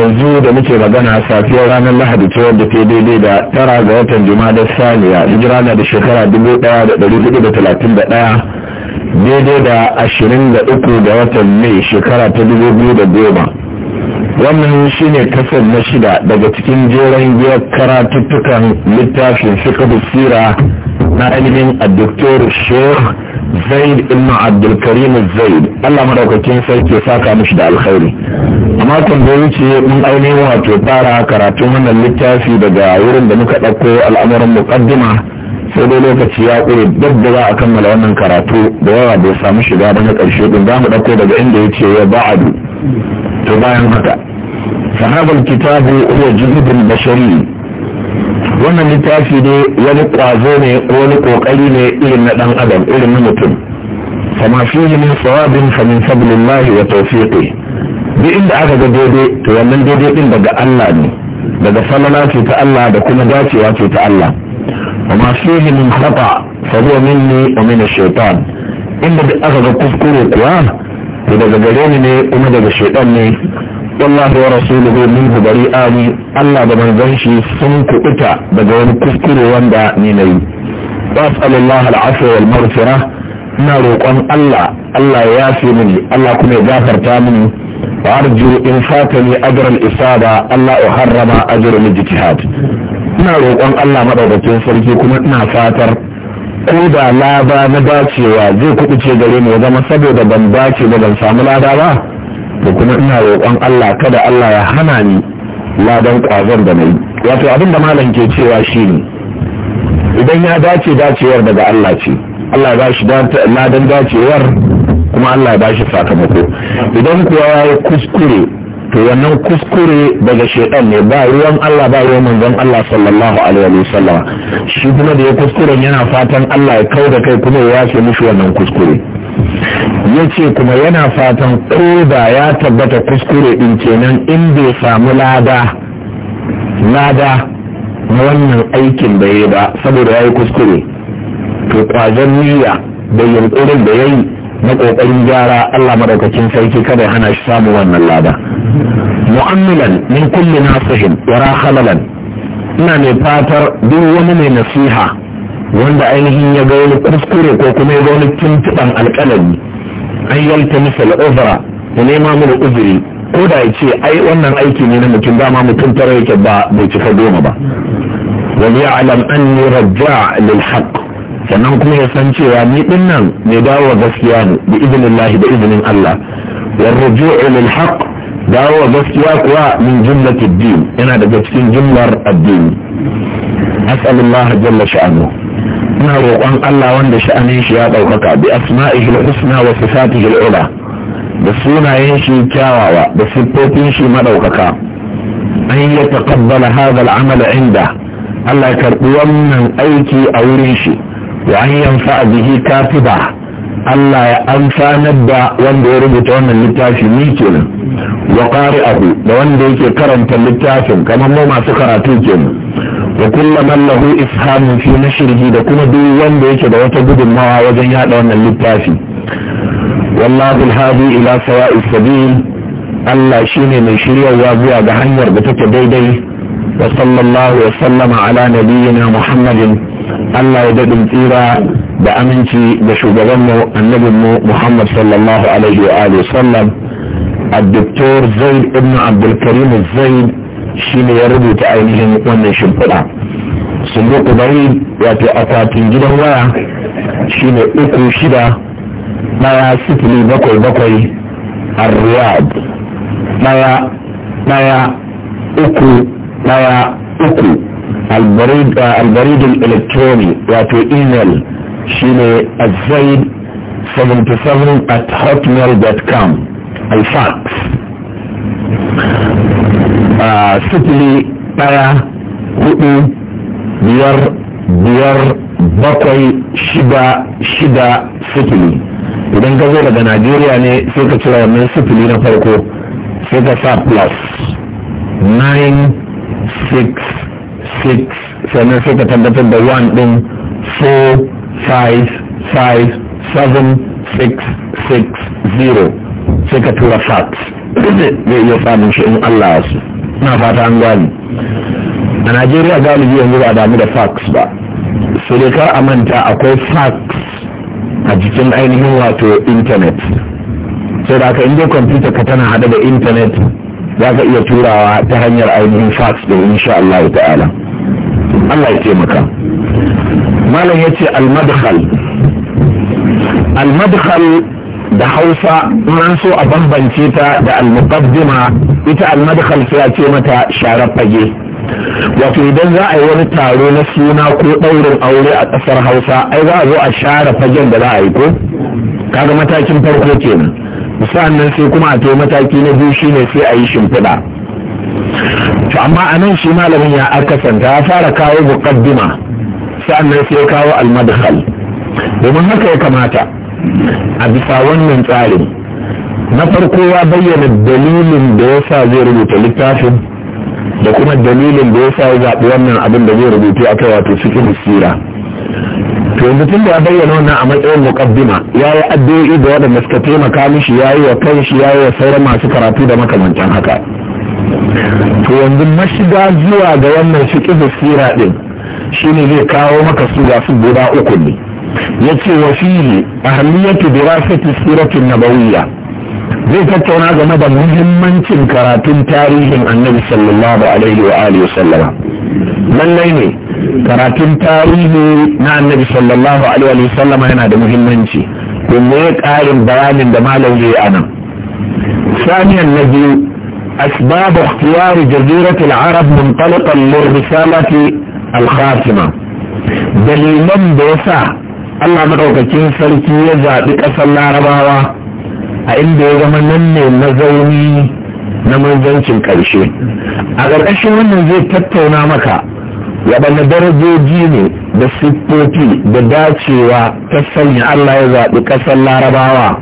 yanzu da muke magana safiyar ranar lahadi ce wadda ke daidai da tara ga watan da saniya hijira na da shekara 1431 daidai da 23 ga watan mai shekara ta 2010 wannan shi ne kasar na shida daga cikin jeren giyar karatuttukan littafin fikar sira na ainihin a doktor sheikh zaid ibn abdulkarim zaid allah madaukakin sarki ya saka mishi da alkhairi amma makon da wuce mun ainihin wato fara karatun wannan littafi daga wurin da muka ɗauko al'amuran muqaddima sai dai lokaci ya ƙure duk da za a kammala wannan karatu da yawa bai samu shiga ba na ƙarshe din za mu ɗauko daga inda ya ce ya ba'adu to bayan haka sahabar kitabu huwa jihudul bashari wannan littafi ne wani kwazo ne ko wani kokari ne irin na dan adam irin na mutum fama fihi min sawabin fa min fadlillahi wa tawfiqi duk inda aka ga daidai to wannan daidai din daga Allah ne daga falala ce ta Allah da kuma dacewa ce ta Allah fama fihi min khata fa huwa minni wa min shaitan. inda aka ga kuskure kuwa to daga gare ni ne kuma daga shaitan ne wallahu wa rasuluhu minhu bari'ani Allah da manzon sun kubuta daga wani kuskure wanda ni nayi was'alullahi al'afwa wal maghfirah ina roƙon Allah Allah ya yafe mini Allah kuma ya gafarta mini wa arju in fatani ajra al-isaba Allah uharrama ajra al-ijtihad ina rokon Allah madaukakin sarki kuma ina satar. ko da lada na dacewa zai kuɓuce gare ni ya zama saboda ban dace ba ban samu lada ba da kuma ina roƙon Allah kada Allah ya hana ni ladan ƙwazon da na yi wato abin da malam ke cewa shi ne idan ya dace dacewar daga Allah ce Allah ya ba shi ladan dacewar kuma Allah ya ba shi sakamako idan kuwa ya yi kuskure to wannan kuskure daga shaidan ne ba ruwan Allah ba ruwan manzon Allah sallallahu alaihi wa sallam shi kuma da ya kuskuren yana fatan Allah ya kau da kai kuma ya yafe mishi wannan kuskure ya ce kuma yana fatan ko da ya tabbata kuskure ɗin kenan in bai samu lada lada na wannan aikin da ya ba saboda ya yi kuskure to kwajen niyya da yunkurin da ya yi na ƙoƙarin gyara allah maɗaukacin sarki kada ya hana shi samu wannan lada mu'ammilan min kulli nasihin wara halalan ina mai fatar duk wani mai nasiha wanda ainihin ya ga wani kuskure ko kuma ya ga wani tuntuɓan alƙalami an yalta misal uzra ya nema mini uzuri ko da ya ce ai wannan aiki ne na mutum dama mutum tara yake ba bai cika goma ba wa ya alam anni rajja lil haqq sannan kuma ya san cewa ni din nan mai dawo gaskiya ne bi idinillah da izinin Allah wa ruju'u lil haqq dawo gaskiya kuwa min jumlatid din yana daga cikin jumlar addini as'alullah jalla sha'anu ina roƙon Allah wanda sha'anin shi ya ɗaukaka bi asma'ihi al-husna wa sifatihi al-ula da sunayen shi kyawawa da siffofin shi madaukaka an ya taqabbala hadha al-amal inda Allah ya karɓi wannan aiki a wurin shi wa an yanfa bihi katiba Allah ya amfanar da wanda ya rubuta wannan littafi ni kenan wa qari'ahu da wanda yake karanta littafin kamar mu masu karatu kenan وكل من له افهام في نشره ده كما دو وان ما وجن يهد وان اللي والله بالهادي الى سواء السبيل الله شيني من شريع وابوا ده بتك دي وصلى الله وسلم على نبينا محمد الله يدد امتيرا بأمنتي بشوق ظنه النبي محمد صلى الله عليه وآله وسلم الدكتور زيد ابن عبد الكريم الزيد shi ne ya rubuta ainihin wannan shimfiɗa sunduku bari wato akwatin gidan waya shi ne uku shida ɗaya sifili bakwai bakwai a riyad ɗaya ɗaya uku ɗaya uku albaridin uh, electronic wato email shi ne azaid 77 at hotmail.com alfax a sifili ɗaya hudu biyar biyar bakwai shida shida sifili idan ka zo daga najeriya ne sai ka cira wannan sifili na farko sai ka sa plus 966 sannan sai ka tabbatar da 1 din 4 5 5 7 6 6 0 sai ka tura fax zai iya samun shi in allah su na fata an gani a najeriya galibi yanzu ba damu da fax ba sai dai kar a manta akwai fax a jikin ainihin wato intanet sai da aka inda kwamfuta ka tana hada da intanet za ka iya turawa ta hanyar ainihin fax da insha Allah ta'ala Allah ya taimaka malam ya ce al-madkhal al da hausa nan so a bambance ta da almuqaddima ita almadkhal sai a ce mata sharar fage wato idan za a yi wani taro na suna ko ɗaurin aure a ƙasar hausa ai za a zo a share fagen da za a yi ko kaga matakin farko kenan nan sai kuma a mataki na biyu shine sai a yi shimfiɗa to amma a nan shi malamin ya akasanta ya fara kawo muqaddima sa'annan sai kawo almadkhal domin haka ya kamata a bisa wannan tsarin na farko ya bayyana dalilin da ya sa zai rubuta littafin da kuma dalilin da ya sa ya zaɓi wannan abin da zai rubuta a kai wato cikin sira to yanzu tun da ya bayyana wannan a matsayin muƙaddima, ya yi addu'o'i da waɗanda suka taimaka mishi ya yi wa kanshi ya yi wa sauran masu karatu da makamancin haka to yanzu mashiga zuwa ga wannan cikin sira ɗin shine zai kawo maka su ga su guda uku ne yace wa fihi ahamiyatu dirasati sirati nabawiyya zai tattauna game da muhimmancin karatun tarihin annabi sallallahu alaihi wa alihi wa sallama lallai ne karatun tarihi na annabi sallallahu alaihi wa sallama yana da muhimmanci kuma ya karin bayanin da malam ya yi anan saniyan na biyu asbab ikhtiyar jazirat al-arab muntalaqan min risalati al-khatima dalilan da yasa Allah madaukakin sarki ya zaɓi ƙasar larabawa a inda ya zama nan ne mazauni na manzancin ƙarshe a ƙarƙashin wannan zai tattauna maka waɗanne darajoji ne da siffofi da dacewa ta sanya Allah ya zaɓi ƙasar larabawa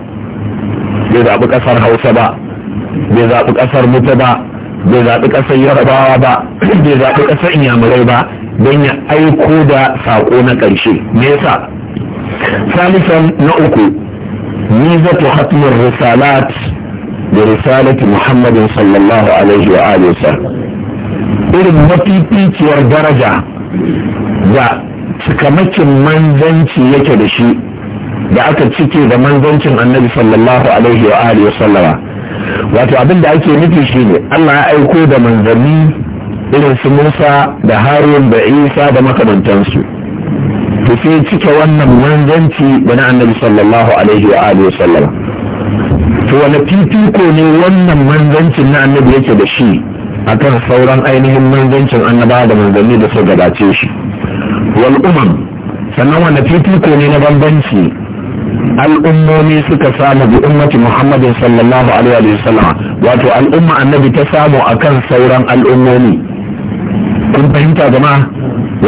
bai zaɓi ƙasar hausa ba bai zaɓi ƙasar mutu ba bai zaɓi ƙasar yarabawa ba bai zaɓi ƙasar inyamurai ba don ya aiko da saƙo na ƙarshe me yasa salisan na uku nizatu hatmin risalat da risalati muhammadin sallallahu alaihi wa alihi irin mafificiyar daraja da cikamakin manzanci yake da shi da aka cike da manzancin annabi sallallahu alaihi wa alihi wato abin da ake nufi shine Allah ya aiko da manzanni irin su musa da harun da isa da makamantansu to sai cike wannan manzanci da na annabi sallallahu alaihi wa alihi sallam to wani fifiko ne wannan manzancin na annabi yake da shi akan sauran ainihin manzancin annaba da manzanni da su gabace shi wal umam sannan wani fifiko ne na bambanci al'ummomi suka samu bi ummati muhammadin sallallahu alaihi wa sallam wato al'umma annabi ta samu akan sauran al'ummomi kun fahimta jama'a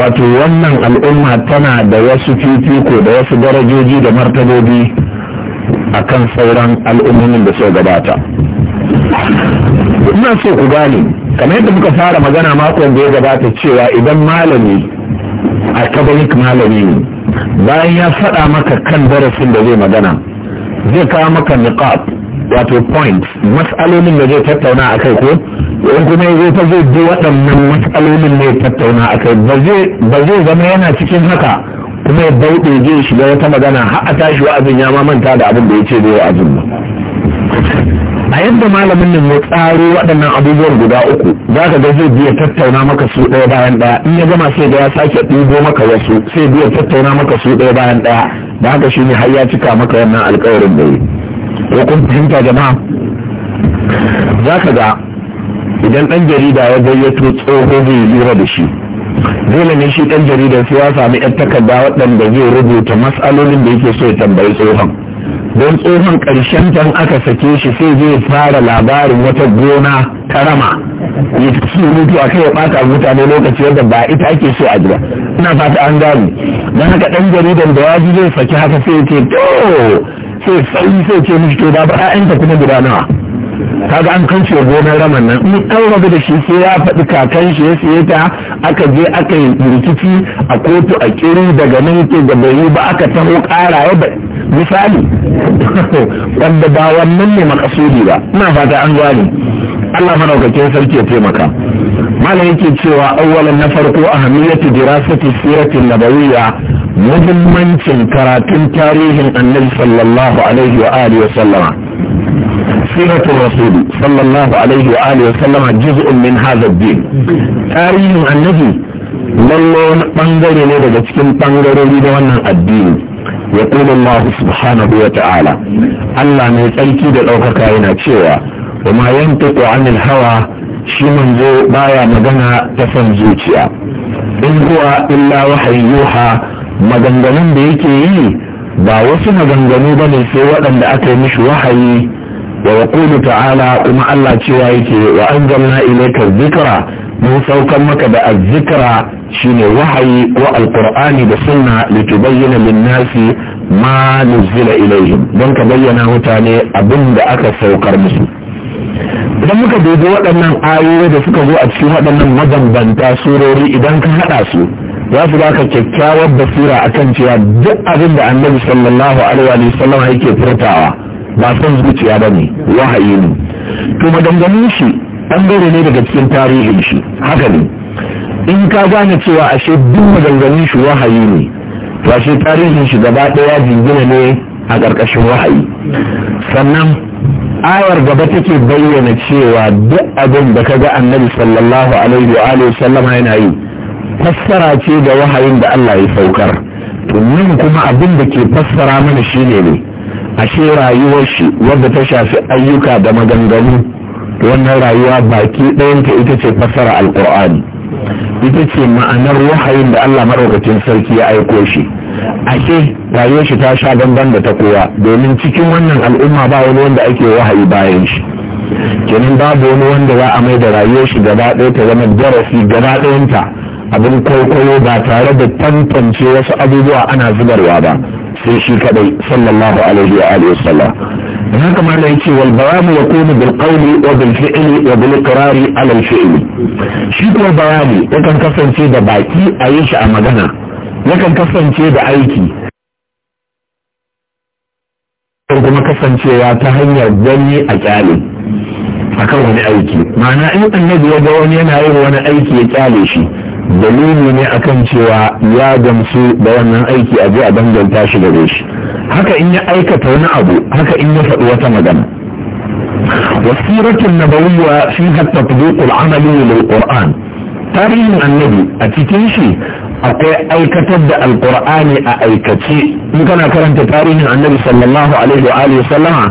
wato wannan al'umma tana da wasu fifiko da wasu darajoji da martabobi a kan sauran al'ummomin da suka gabata ina so ku gane kamar yadda muka fara magana makon da ya gabata cewa idan malami academic malami ne bayan ya faɗa maka kan darasin da zai magana zai kawo maka niqab wato point matsalolin da zai tattauna a kai ko in kuma zai ta zai bi waɗannan matsalolin ne tattauna a kai ba zai zama yana cikin haka kuma ya bauɗe zai shiga wata magana har a tashi wa'azin ya mamanta manta da abin da ya ce da wa'azin ba a yadda malamin nan ya tsaro waɗannan abubuwan guda uku za ka ga zai biya tattauna maka su ɗaya bayan ɗaya in ya gama sai da ya sake ɗigo maka wasu sai biya tattauna maka su ɗaya bayan ɗaya da haka shi ne har ya cika maka wannan alkawarin da yi ko kun fahimta jama'a za ka ga idan ɗan jarida ya gayyato tsoho zai lura da shi dole ne shi ɗan jaridar sai ya sami yan takarda waɗanda zai rubuta matsalolin da yake so ya tambayi tsohon don tsohon ƙarshen can aka sake shi sai zai fara labarin wata gona ta rama ya su mutu a kai ya ɓata mutane lokaci yadda ba ita ake so a jira ina fata an gano don haka ɗan jaridar da waji zai saki haka sai ya ce to sai sauri sai ce mishi to da ba 'ya'yanta kuma guda nawa kaga an kance gonar raman nan in an rabu da shi sai ya faɗi kakan shi ya siye ta aka je aka yi rikici a kotu a kiri daga nan yake da bai ba aka taho ƙara ya ba misali wanda ba wannan ne makasudi ba ina fata an gwani. Allah madaukakin sarki ya taimaka malam yake cewa awwalan na farko a ahamiyatu dirasati siratin nabawiyya muhimmancin karatun tarihin annabi sallallahu alaihi wa alihi wa sallama سيرة الرسول صلى الله عليه وآله وسلم جزء من هذا الدين تاريخ النبي لله بانغري ne daga cikin bangarori da wannan addini ya kuma Allah subhanahu wa ta'ala Allah mai tsarki da ɗaukaka yana cewa wa ma yantiqu anil hawa shi manzo baya magana ta san zuciya in huwa illa wahayi yuha maganganun da yake yi ba wasu maganganu ba ne sai waɗanda aka mishi wahayi ويقول تعالى كما الله شوائك وأنزلنا إليك الذكرى من da مكة الذكرى شين وحي والقرآن بسنة لتبين للناس ما نزل إليهم دونك بيناه تاني أبن بأكا سوكر مسلم idan muka dubi waɗannan ayoyi da suka zo a cikin waɗannan mabambanta surori idan ka haɗa su za su baka kyakkyawar basira akan cewa duk abin da annabi sallallahu alaihi wa sallam yake furtawa ba son zuciya ba ne wahayi ne to maganganun shi ɓangare ne daga cikin tarihin shi haka ne in ka gane cewa ashe duk maganganun shi wahayi ne to ashe tarihin shi gaba ɗaya jingina ne a ƙarƙashin wahayi sannan ayar gaba take bayyana cewa duk abin da ka ga annabi sallallahu alaihi wa alihi sallama yana yi fassara ce da wahayin da Allah ya saukar to nan kuma abin da ke fassara mana shine ne ashe rayuwar shi wadda ta shafi ayyuka da maganganu wannan rayuwa baki ɗayanta ita ce fassara alƙur'ani ita ce ma'anar wahayin da allah maɗaukacin sarki ya aiko shi ashe rayuwar shi ta sha banban da ta kowa domin cikin wannan al'umma ba wani wanda ake wahayi bayan shi kenan babu wani wanda za a mai da rayuwar shi gaba ɗaya ta zama darasi gaba ɗayanta abin kwaikwayo ba tare da tantance wasu abubuwa ana zubarwa ba sai shi kadai sallallahu alaihi wa alihi wasallam dan haka malai yace wal bayamu yakunu bil qawli wa bil fi'li wa bil iqrari ala al fi'li shi kuma bayani yakan kasance da baki a yi shi a magana yakan kasance da aiki kuma kasancewa ta hanyar gani a kyale akan wani aiki ma'ana in annabi ya ga wani yana yin wani aiki ya kyale shi dalili ne akan cewa ya gamsu da wannan aiki a je a danganta shi gare shi haka in ya aikata wani abu haka in ya faɗi wata magana wasiratun nabawiyya fi hatta tuduqul amali lil qur'an tarihin annabi a cikin shi akwai aikatar da alqur'ani a aikace in kana karanta tarihin annabi sallallahu alaihi wa alihi sallama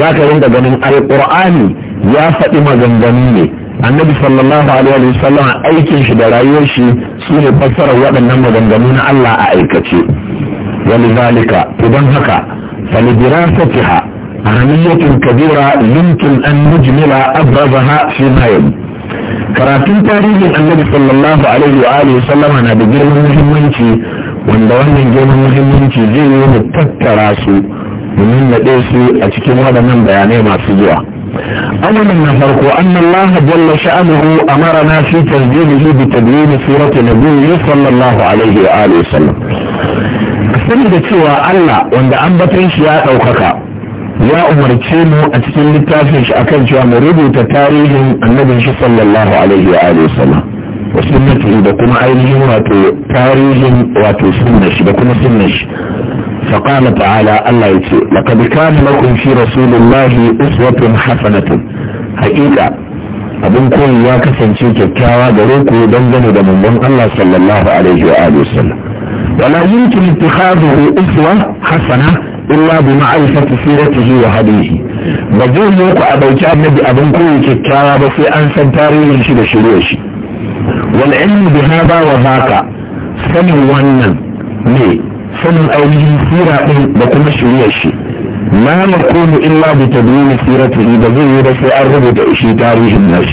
zaka rinka ganin alqur'ani ya faɗi maganganu ne annabi sallallahu alaihi wa aikin shi da rayuwar shi su ne fassarar waɗannan maganganu na Allah a aikace wani zalika idan haka falidirasatiha ahamiyyatun kabira yumkin an mujmila abrazaha fi ma karatun tarihin annabi sallallahu alaihi wa alihi sallama na da girman muhimmanci wanda wannan girman muhimmanci zai yi mu tattara su domin naɗe su a cikin waɗannan bayanai masu zuwa أولا من فرق أن الله جل شأنه أمرنا في تسجيله بتدوين سورة نبيه صلى الله عليه وآله وسلم أستمع تسوى ألا وند أن بتنشي يا أوكاكا يا أمر تشيمو أتسلم التاسش أكل شوى مريد النبي صلى الله عليه وآله وسلم وسنته da kuma ainihin wato tarihin wato sunna shi da kuma sunna shi فقال تعالى الله يتي لقد كان لكم في رسول الله أسوة حسنة حقيقة abin koyi ya kasance kyakkyawa gare ku dangane da mummun Allah sallallahu alaihi wa alihi wasallam wala yumkin ittikhadhuhu uswa hasana illa bi ma'rifati siratihi wa hadihi ba zai yi ku a dauki annabi abin koyi kyakkyawa ba sai an san tarihin shi da shirye shi والعلم بهذا وذاك سن وانا لي سن اولين سيرا ان بكم شريع الشيء ما نقول الا بتدوين سيرته اذا زي بس يقرب تأشي تاريخ الناس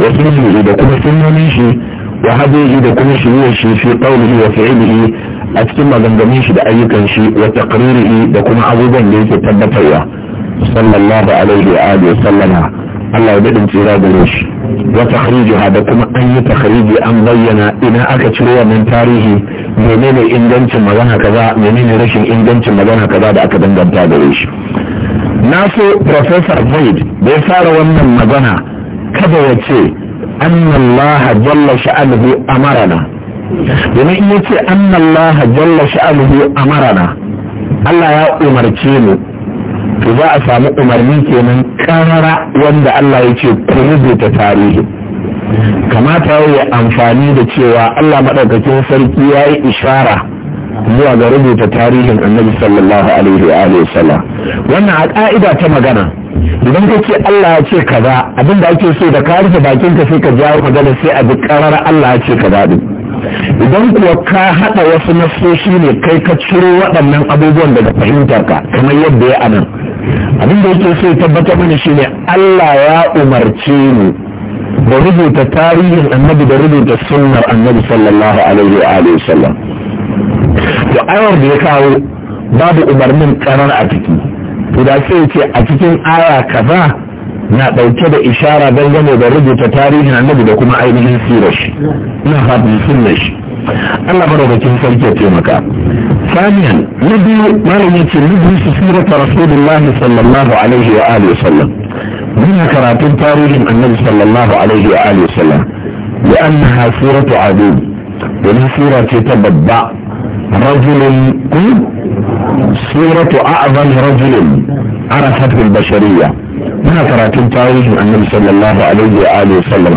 وسنه اذا كم سنوني شيء وهذه اذا كم شريع الشيء في قوله وفعله اتكما غنغميش بأي ايكا شيء وتقريره دا كم عظيما ليس صلى الله عليه وآله وسلم Allah ya daɗin tsira gare shi Wata takhrijuha da kuma an yi takhriji an bayyana ina aka ciro wannan tarihi menene ingancin magana kaza menene rashin ingancin magana kaza da aka danganta gare shi na so professor zaid da ya fara wannan magana kada ya ce annallaha jalla sha'aluhu amarana domin in yace annallaha jalla sha'aluhu amarana Allah ya umarce mu to za a samu umarni kenan karara wanda Allah ya ce ku rubuta tarihi kamata ya amfani da cewa Allah maɗaukakin sarki ya yi ishara zuwa ga rubuta tarihin annabi sallallahu alaihi wa sallam wannan a ka'ida ta magana idan ka ce Allah ya ce kaza abinda ake so da ka rufe bakin ka sai ka jawo magana sai a bi karar Allah ya ce kaza din idan kuwa ka haɗa wasu nasoshi ne kai ka ciro waɗannan abubuwan daga fahimtarka kamar yadda ya anan abin da yake so tabbatar mana shine Allah ya umarce mu da rubuta tarihin annabi da rubuta sunnar annabi sallallahu alaihi wa alihi sallam to ayar da ya kawo babu umarnin karar a ciki to da sai ce a cikin aya kaza na dauke da ishara dangane da rubuta tarihin annabi da kuma ainihin sirar shi ina fatan sunnar shi Allah madaukakin sarki ya taimaka ثانيا نبي ما لم يكن ندرس سيرة رسول الله صلى الله عليه وآله وسلم منها كراتين تاريخ النبي صلى الله عليه وآله وسلم لأنها سيرة عدو ومن سيرة تبدع رجل سيرة أعظم رجل عرفته البشرية منها كراتين تاريخ النبي صلى الله عليه وآله وسلم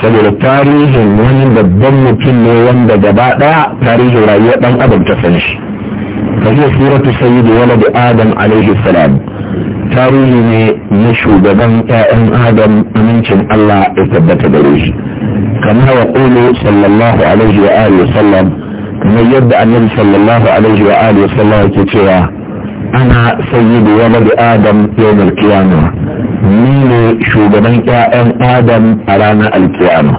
saboda tarihin wani babban mutum ne wanda gaba tarihin rayuwar dan adam ta san shi kaje suratu sayyidi walad adam alaihi tarihi ne na shugaban ƴaƴan adam amincin Allah ya tabbata da shi kamar wa qulu sallallahu alaihi wa alihi wasallam kamar yadda annabi sallallahu alaihi wa alihi wasallam cewa ana sayyidu wani da adam yau da alkiyama ni ne shugaban 'ya'yan adam a ranar alkiyama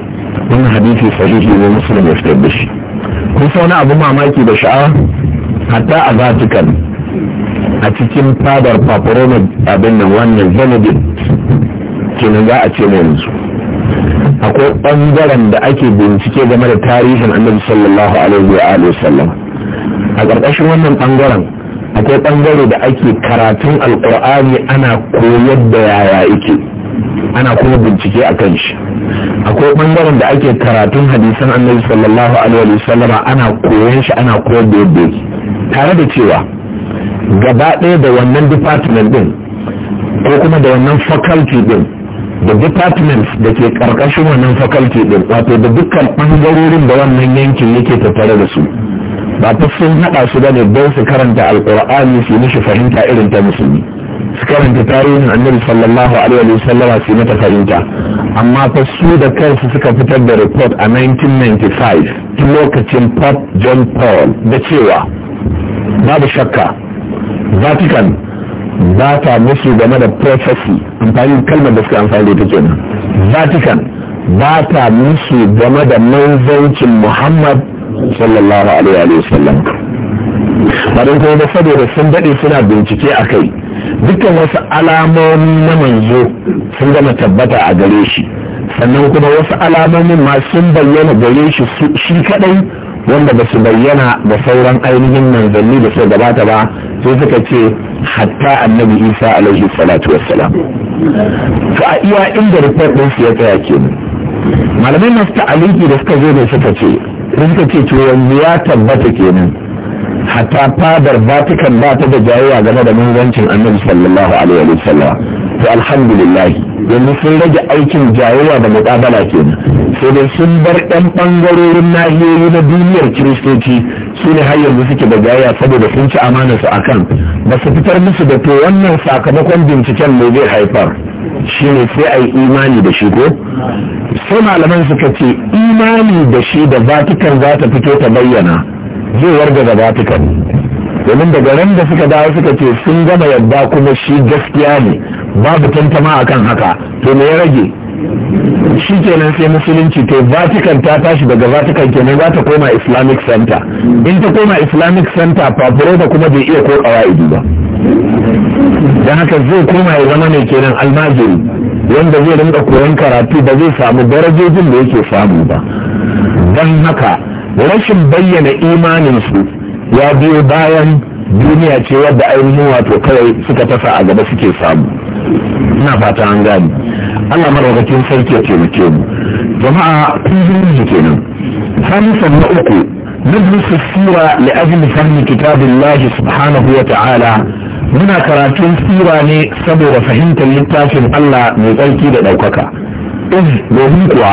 wannan hadisi sahihi ne musulun ya fitar da shi kun wani abu mamaki da sha'awa hatta a vatican a cikin fadar paparoma abin nan wannan zanadin kenan za a ce na yanzu akwai ɓangaren da ake bincike game da tarihin annabi sallallahu alaihi wa sallam a ƙarƙashin wannan ɓangaren akwai ɓangare da ake karatun alkur'ani ana koyar da yaya yake ana kuma bincike a kan shi akwai ɓangaren da ake karatun hadisan annabi sallallahu alaihi wasallama ana koyan shi ana koyar da yadda yake tare da cewa gaba ɗaya da wannan department din ko kuma da wannan faculty din da departments da ke karkashin wannan faculty din wato da dukkan ɓangarorin da wannan yankin yake tattare da su ba ta sun haɗa su bane don su karanta alƙur'ani su mishi fahimta irin ta musulmi su karanta tarihin annabi sallallahu alaihi wa sallam su mata fahimta amma fa su da kansu suka fitar da report a 1995 tun lokacin pope john paul da cewa babu shakka vatican ba ta musu game da prophecy amfani kalmar da suka amfani da ita kenan vatican ba ta musu game da manzancin muhammad sallallahu alaihi wa sallam kuma da saboda sun daɗe suna bincike a kai dukkan wasu alamomi na manzo sun gama tabbata a gare shi sannan kuma wasu alamomin ma sun bayyana gare shi shi kadai wanda ba su bayyana da sauran ainihin manzanni da suka gabata ba sai suka ce hatta annabi isa alaihi salatu wassalam to a iya inda report ɗinsu ya tsaya kenan malamai masu ta'aliki da suka zo da suka ce sai ce to yanzu ya tabbata kenan hatta fadar vatican ba ta da jayayya game da muhimmancin annabi sallallahu alaihi wa sallam to alhamdulillah yanzu sun rage aikin jayayya da muƙabala kenan sai dai sun bar ɗan ɓangarorin nahiyoyi na duniyar kiristoci su ne har yanzu suke da jayayya saboda sun ci amana su akan ba su fitar musu da to wannan sakamakon binciken ne zai haifar shi ne sai a yi imani da shi ko sai malaman suka ce imani da shi da vatican za ta fito ta bayyana zai warga da vatican domin daga ran da suka dawo suka ce sun gama yadda kuma shi gaskiya ne babu tantama akan haka to me ya rage shi kenan sai musulunci to vatican ta tashi daga vatican kenan za ta koma islamic center in ta koma islamic center papuro da kuma bai iya ko kawai ba don haka zai koma ya zama ne kenan almajiri wanda zai rinka koyon karatu ba zai samu darajojin da yake samu ba don haka rashin bayyana imaninsu ya biyo bayan duniya ce wadda ainihin wato kawai suka tasa a gaba suke samu ina fata an gani allah maraukakin sarki ya taimake mu jama'a kun ji kenan halisan na uku ندرس السيرة لأجل فهم كتاب الله سبحانه وتعالى من كراتون سيرة ني سبب فهمت اللتاف الله مزلكي لدوكك إذ وهو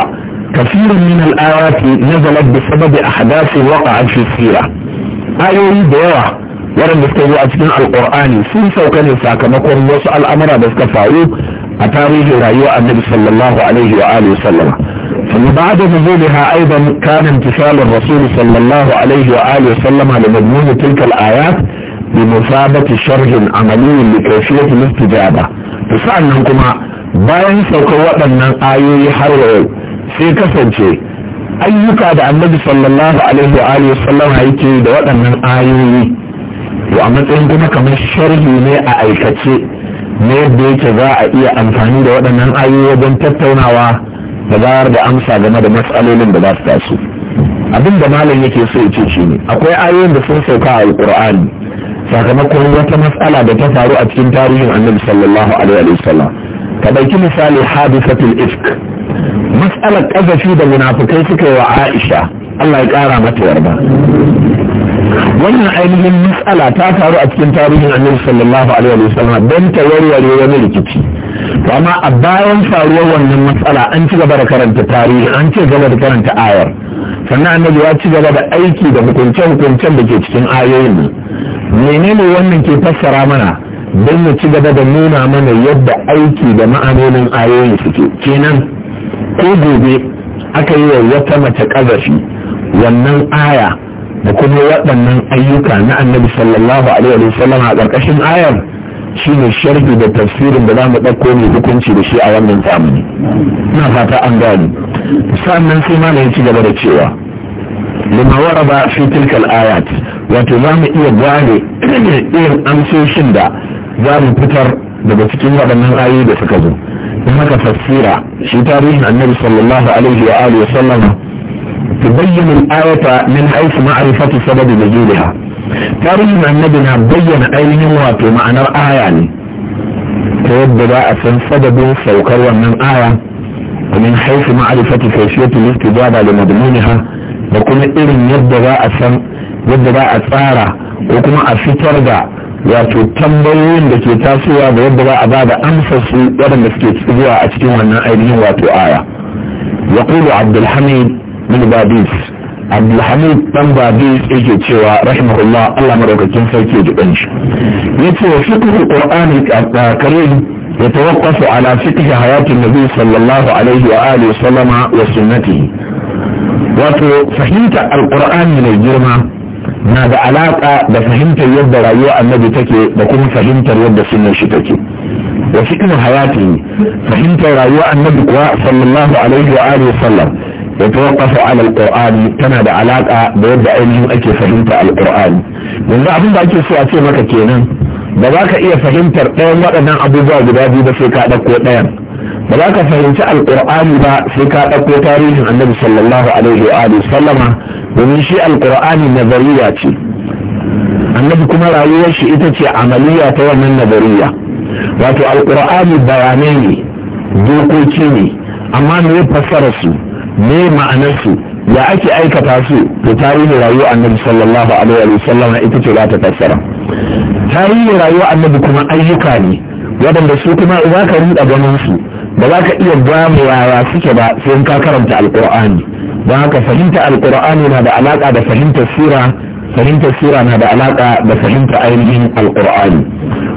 كثير من الآيات نزلت بسبب أحداث وقعت في السيرة ayoyi da yawa waɗanda suka zo a cikin alkur'ani sun sauka ne sakamakon wasu al'amura da suka faru a tarihin rayuwa annabi sallallahu alaihi wa alihi sallama ثم بعد نزولها ايضا كان امتثال الرسول صلى الله عليه واله وسلم لمضمون تلك الايات بمثابة شرح عملي لكيفية الاستجابة فسألنا كما bayan saukar waɗannan ayoyi har yau sai kasance ayyuka da annabi sallallahu alaihi wa alihi sallam yake da waɗannan ayoyi to a matsayin kuma kamar sharhi ne a aikace ne yadda yake za a iya amfani da waɗannan ayoyi wajen tattaunawa da bayar da amsa game da matsalolin da za su taso abin da malam yake so ya ce shi ne akwai ayoyin da sun sauka a alƙur'ani sakamakon wata matsala da ta faru a cikin tarihin annabi sallallahu alaihi wa sallam ka ɗauki misali hadisatul ifk matsalar ƙazafi da munafukai suka yi wa aisha allah ya ƙara mata yarda wannan ainihin matsala ta faru a cikin tarihin annabi sallallahu alaihi wa sallam don ta warware wani rikici to amma a bayan faruwar wannan matsala an ci gaba da karanta tarihi an ci gaba da karanta ayar sannan annabi ya ci gaba da aiki da hukunce-hukuncen da ke cikin ayoyin menene wannan ke fassara mana don ya ci gaba da nuna mana yadda aiki da ma'anonin ayoyi suke kenan ko gobe aka yi wa wata mace ƙazafi wannan aya da kuma waɗannan ayyuka na annabi sallallahu alaihi wa sallam a ƙarƙashin ayar shi ne sharhi da tafsirin da za mu ɗauko mai hukunci da shi a wannan zamani na fata an gani sannan sai mana ya ci gaba da cewa lima ba fi tilkal ayat wato za mu iya gane irin amsoshin da za mu fitar daga cikin waɗannan ayoyi da suka zo in maka tafsira shi tarihin annabi sallallahu alaihi wa alihi wasallam تبين الآية من حيث معرفة سبب نزولها تاريخ من نبينا بين أين هو في معنى الآية تود باء سبب سوكر من آية ومن حيث معرفة كيفية الاستجابة لمضمونها وكما إذن يد باء يد باء أثارة وكما أفتر wato tambayoyin da ke tasowa da yadda za a ba da amsar su waɗanda suke zuwa a cikin wannan ainihin wato aya yaqulu abdulhamid bin babis abdulhamid dan babis yake cewa rahimahullah Allah madaukakin sarki ya jiban shi yace wa fiqhul qur'ani karim yatawaqqafu ala fiqhi hayatin nabi sallallahu alaihi wa alihi wa sallama wa sunnatihi wato fahimta alqur'ani mai girma na da alaka da fahimtar yadda rayuwar annabi take da kuma fahimtar yadda sunnar shi take wa fi'lu hayati fahimtar rayuwar annabi kuwa sallallahu alaihi wa alihi sallam ya tawaqqafu ala alqur'ani tana da alaka da yadda ainihin ake fahimta alqur'ani yanzu abin da ake so a ce maka kenan ba za ka iya fahimtar ɗayan waɗannan abubuwa guda biyu ba sai ka ɗauko ɗayan ba za ka fahimci alkur'ani ba sai ka ɗauko tarihin annabi sallallahu alaihi wa alihi sallama domin shi alkur'ani nazariya ce annabi kuma rayuwar shi ita ce amaliya ta wannan nazariya wato Alƙur'ani bayanai ne dokoki ne amma me ya fassara su me ma'anar su ya ake aikata su da tarihin rayuwar annabi sallallahu alaihi wa sallama ita ce za ta fassara tarihin rayuwar annabi kuma ayyuka ne waɗanda su kuma za ka ganin su ba za ka iya gano yaya suke ba sai in ka karanta alkur'ani don haka fahimta alkur'ani na da alaka da fahimta sura Fahimta sura na da alaka da fahimta ainihin alkur'ani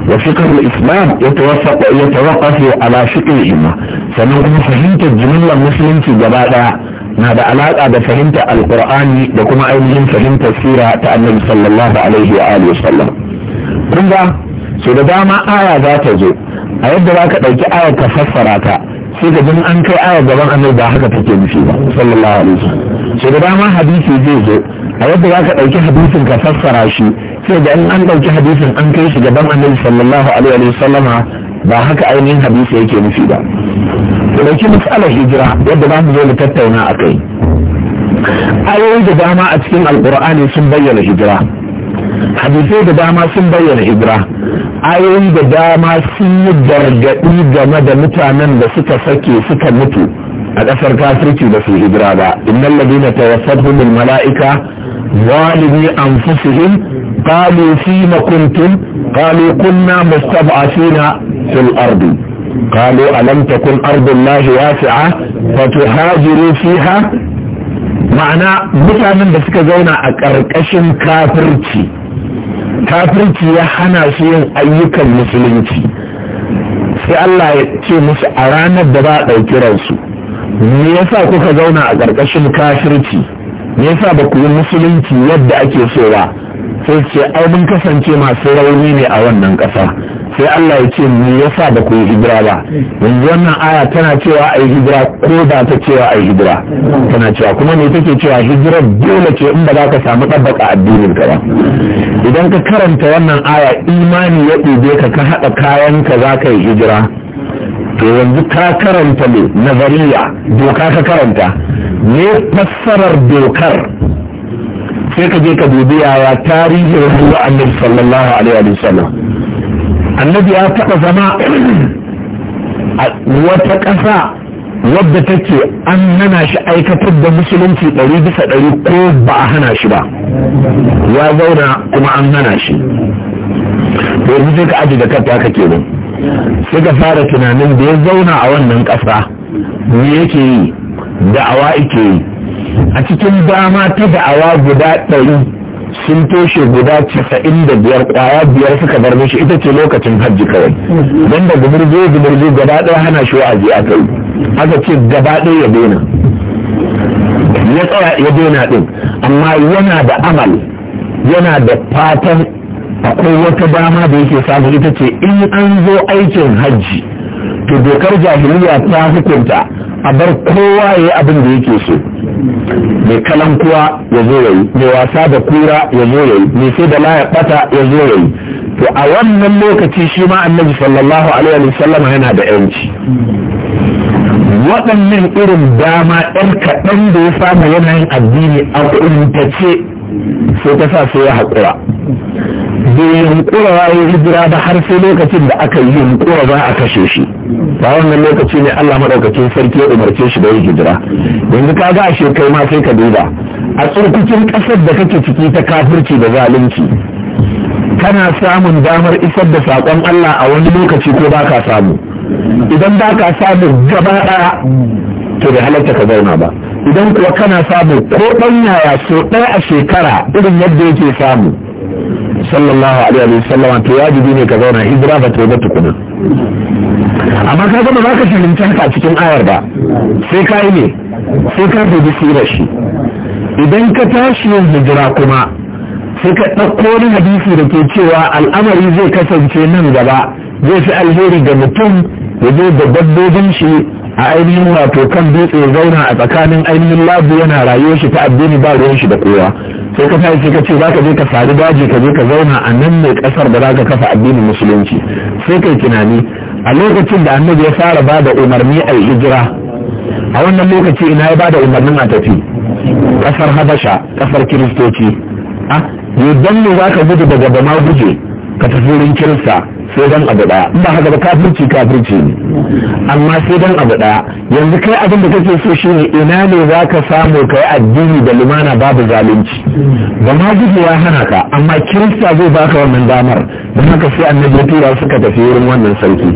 wa fiqh al-islam yatawaffaqu yatawaqqafu ala fiqhihima sannan kuma fahimta jumlar musulunci gaba daya na da alaka da fahimta alkur'ani da kuma ainihin fahimta sura ta annabi sallallahu alaihi wa alihi wa sallam kun ga so da dama aya za ta zo a yadda za ka ɗauki aya ka fassara ta sai ka jin an kai aya gaban annabi ba haka take nufi ba sallallahu alaihi wasallam so da dama hadisi zai zo a yadda za ka ɗauki hadisin ka fassara shi sai da in an ɗauki hadisin an kai shi gaban annabi sallallahu alaihi wasallama ba haka ainihin hadisi yake nufi ba ku ɗauki matsalar hijira yadda za mu zo mu tattauna a kai ayoyi da dama a cikin alƙur'ani sun bayyana hijira hadisai da dama sun bayyana hijira ayoyi da dama sun yi gargaɗi game da mutanen da suka sake suka mutu a ƙasar kafirci da su hijira ba innal ladina tawaffatuhum al mala'ika zalimi anfusihim qalu fima kuntum qalu kunna mustad'afina fil ardi قالوا ألم تكن أرض الله واسعة فتهاجروا فيها ma'ana mutanen da suka zauna a ƙarƙashin kafirci kafirci ya hana su yin ayyukan musulunci sai Allah ya ce musu a ranar da ba a ɗauki ransu me yasa kuka zauna a ƙarƙashin kafirci me yasa ba ku yi musulunci yadda ake so ba sai ce ai mun kasance masu rauni ne a wannan ƙasa sai Allah ya ce me yasa ba ku yi hijira ba yanzu wannan aya tana cewa ai hijira ko da ta cewa ai hijira tana cewa kuma me take cewa hijira dole ce in ba za ka samu ɗabbaka addinin ka ba idan ka karanta wannan aya imani ya ɗube ka ka haɗa kayan ka za ka yi hijira to yanzu ka karanta ne nazariya doka ka karanta ne fassarar dokar sai ka je ka dubi yaya tarihin ruwa annabi sallallahu alaihi wa sallam annabi ya taɓa zama a wata ƙasa wadda take an hana shi aikatar da musulunci ɗari bisa ɗari ko ba a hana shi ba ya zauna kuma an hana shi yanzu sai ka aji da kanta ka kenan sai ka fara tunanin da ya zauna a wannan ƙasa me yake yi da'awa yake yi a cikin dama ta da'awa guda ɗari sun toshe guda casa'in da biyar kwaya biyar suka bar mishi ita ce lokacin hajji kawai don da gumurzo gumurzo gaba ɗaya hana shi wa'azi aka kai haka ce gaba ɗaya ya daina ya tsaya ya daina ɗin amma yana da amal yana da fatan akwai wata dama da yake samu ita ce in an zo aikin hajji to dokar jahiliya ta hukunta a bar kowa ya yi abin da yake so mai kalankuwa ya zo yayi mai wasa da kura ya zo yayi mai sai da laya bata ya zo yayi to a wannan lokaci shi ma annabi sallallahu alaihi wa sallam yana da yanci waɗannan irin dama ɗan kaɗan da ya samu yanayin addini a kuntace sai ta sa sai ya haƙura bai haƙura ya yi hijira ba har sai lokacin da aka yi haƙura za a kashe shi ba wannan lokaci ne Allah maɗaukacin sarki ya umarce shi da yi hijira yanzu ka ga shi kai ma sai ka duba a tsurkucin ƙasar da kake ciki ta kafirci da zalunci kana samun damar isar da saƙon Allah a wani lokaci ko ba ka samu idan ba ka samu gaba ɗaya to bai halatta ka zauna ba idan kuwa kana samu ko ɗan yaya so ɗaya a shekara irin yadda yake samu sallallahu alaihi wa sallam to wajibi ne ka zauna hijira ba ta ba amma ka zama za ka shirin a cikin ayar ba sai ka yi ne sai ka fi da shi idan ka tashi yin hijira kuma sai ka ɗauko wani hadisi da ke cewa al'amari zai kasance nan gaba zai fi alheri ga mutum ya zo da dabbobin shi a ainihin wato kan dutse ya zauna a tsakanin ainihin labu yana rayuwar shi ta addini ba ruwan shi da kowa sai ka tashi ka ce zaka je ka sari daji ka je ka zauna a nan ne kasar da zaka kafa addinin musulunci sai kai tunani a lokacin da annabi ya fara ba da umarni a hijira a wannan lokaci ina ya ba da umarnin a tafi kasar habasha kasar kiristoci a ah, yadda ne zaka gudu daga bama guje ka tafi wurin kirista sai dan abu daya ba haka ba kafirci kafirci ne amma sai dan abu daya yanzu kai abin da kake so shi ne ina ne za ka samu kai addini da lumana babu zalunci ba ma ya hana ka amma kirista zai ba ka wannan damar don haka sai annabi ya tura suka tafi wurin wannan sarki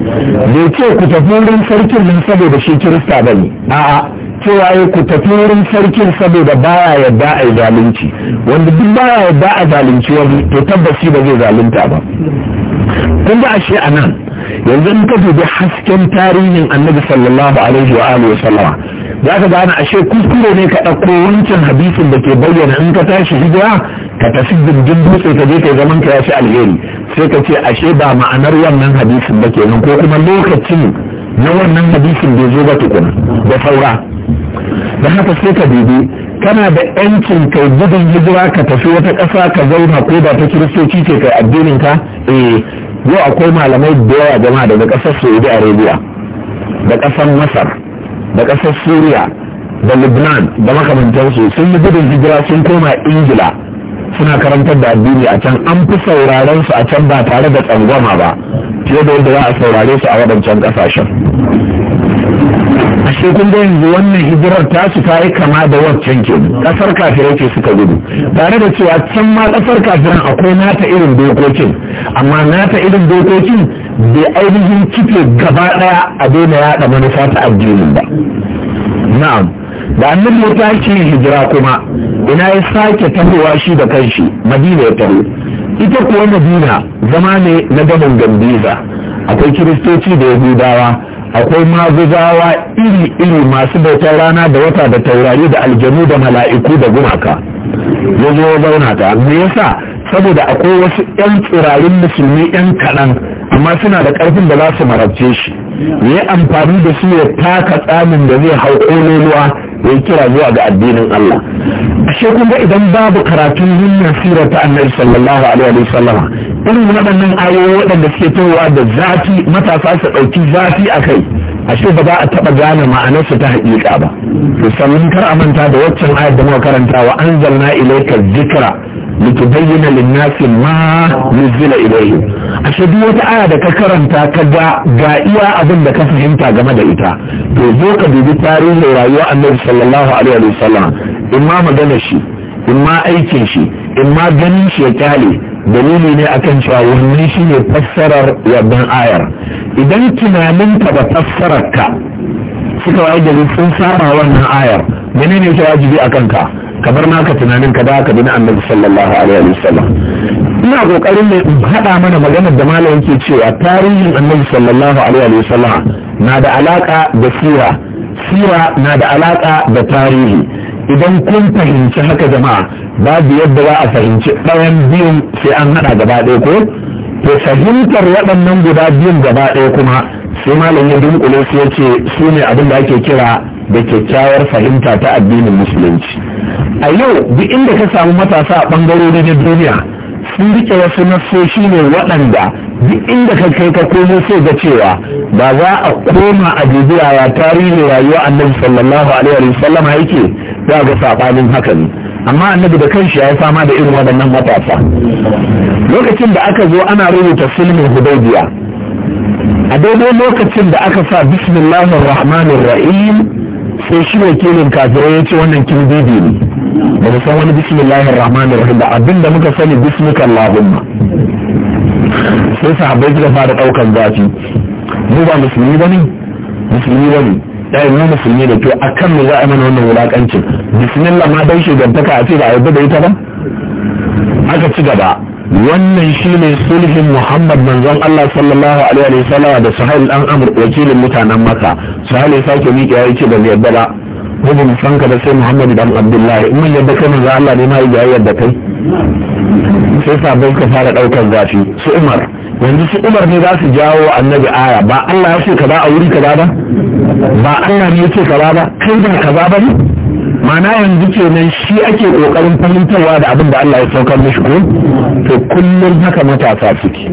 bai ce ku tafi wurin sarkin nan saboda shi kirista ba ne? a'a cewa ya ku tafi wurin sarkin saboda baya yadda a zalunci wanda duk baya yadda a zalunci wani to tabbasi ba zai zalunta ba kun ga ashe a nan yanzu in ka dubi hasken tarihin annabi sallallahu alaihi wa alihi za ka gane ashe kuskure ne ka ɗauko wancan hadisin da ke bayyana in ka tashi hijira ka tafi gindin dutse ka je kai zaman ka ya fi alheri sai ka ce ashe ba ma'anar wannan hadisin ba kenan ko kuma lokacin na wannan hadisin bai zo ba tukuna da saura da haka sai ka dubi kana da yancin kai gudun hijira ka tafi wata ƙasa ka zauna ko da ta kiristoci ce kai addinin ka eh yau akwai malamai da yawa jama'a daga ƙasar saudi arabia da ƙasar masar da ƙasar suriya da lebanon da makamantansu sun yi gudun hijira sun koma ingila suna karantar da addini a can an fi sauraren su a can ba tare da tsangwama ba fiye da yadda za a saurare su a wadancan ƙasashen ashe kun da yanzu wannan hijirar tasu ta yi kama da waccan ke kasar kafirai ce suka gudu tare da cewa can ma kasar kafiran akwai nata irin dokokin amma nata irin dokokin bai ainihin kife gaba daya a daina yaɗa manufa ta addinin ba na'am da annabi ya tashi hijira kuma ina ya sake tahowa shi da kanshi madina ya taru. ita kuwa madina zama ne na gaban gambiza akwai kiristoci da yahudawa akwai maguzawa iri-iri masu bautar rana da wata da taurari da aljanu da mala'iku da gumaka ya zo zauna ta me yasa saboda akwai wasu 'yan tsirarin musulmi 'yan kaɗan amma suna da ƙarfin da za su marabce shi ya amfani da su ya taka tsamin da zai hau ƙololuwa ya yi kira zuwa ga addinin Allah ashe kun idan babu karatun wannan sirar ta annabi sallallahu alaihi wa sallama irin waɗannan ayoyi waɗanda suke towa da zafi matasa su ɗauki zafi a kai ashe ba za a taɓa gane ma'anarsu ta haƙiƙa ba to sannan kar a manta da waccan ayar da muka karanta wa anzalna ilayka dhikra litubayyana linnasi ma nuzila ilayhi ashe duk wata aya da ka karanta ka ga ga iya abin da ka fahimta game da ita to zo ka dubi tarihin rayuwar annabi sallallahu alaihi wasallam in ma magana shi in ma aikin shi in ma ganin shi ya kyale dalili ne akan cewa wannan shi ne fassarar wannan ayar idan tunaninka da fassarar ka suka waye sun saba wannan ayar menene ke wajibi akan ka kamar naka tunanin ka da ka bi na annabi sallallahu alaihi sallam. ina kokarin ne in hada mana maganar da malam yake cewa tarihin annabi sallallahu alaihi sallam, na da alaka da sira sira na da alaka da tarihi idan kun fahimci haka jama'a babu yadda za a fahimci ɗayan biyun sai an hada gaba ɗaya ko to fahimtar waɗannan guda biyun gaba ɗaya kuma sai malam ya dunkule su ce su ne abin da ake kira da kyakkyawar fahimta ta addinin musulunci a yau duk inda ka samu matasa a bangarori na duniya sun rike wasu nassoshi ne waɗanda duk inda ka kai ka komo sai ga cewa ba za a koma a dubiya tarihin rayuwa annabi sallallahu alaihi wa sallam yake za ga sabanin haka ne amma annabi da kanshi ya fama da irin waɗannan matasa lokacin da aka zo ana rubuta sulmin hudaybiya a daidai lokacin da aka sa bismillahir rahmanir rahim sai shi wakilin kafirai ya ce wannan kirbibi ne ba mu san wani bismillahir rahman rahim ba abinda muka sani bismika allahumma sai sahabbai suka fara daukan zafi mu ba musulmi ba ne musulmi ba ne yayin mu musulmi da to akan mu za a mana wannan wulakancin bismillah ma dan shugabtaka a ce ba a yarda da ita ba aka ci gaba wannan shi ne sulhin muhammad manzon allah sallallahu alaihi wa sallam da sahal an amur wakilin mutanen maka sahal ya sake miƙe ya ce ba zai yadda ba gudun san da sai muhammad dan abdullahi in mun yadda kai manzon allah ne ma ya yadda kai sai sabon ka fara ɗaukar zafi su umar yanzu su umar ne za su jawo annabi aya ba allah ya ce kaza a wuri kaza ba ba allah ne ya ce kaza ba kai ba kaza ba ne ma'ana yanzu kenan shi ake kokarin fahimtarwa da abin da Allah ya saukar mishi ko to kullum haka matasa suke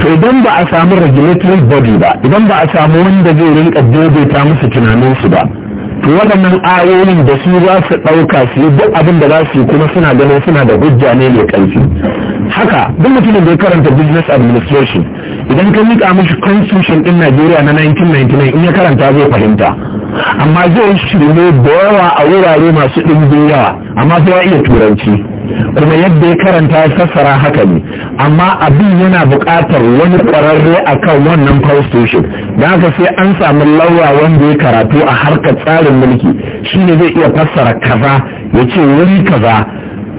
to idan ba a samu regulatory body ba idan ba a samu wanda zai rinka daidaita musu tunaninsu ba to waɗannan ayoyin da su za su ɗauka su yi duk abin da za su yi kuma suna ganin suna da hujja ne mai ƙarfi haka duk mutumin da ya karanta business administration idan ka nika mashi constitution din Najeriya na 1999 in ya karanta zai fahimta amma zai shirme da yawa a wurare masu ɗimbin yawa amma sai ya iya turanci kuma yadda ya karanta ya haka ne amma abin yana buƙatar wani ƙwararre a kan wannan constitution da haka sai an samu lauya wanda ya karatu a harkar tsarin mulki shine zai iya fassara kaza ya ce wuri kaza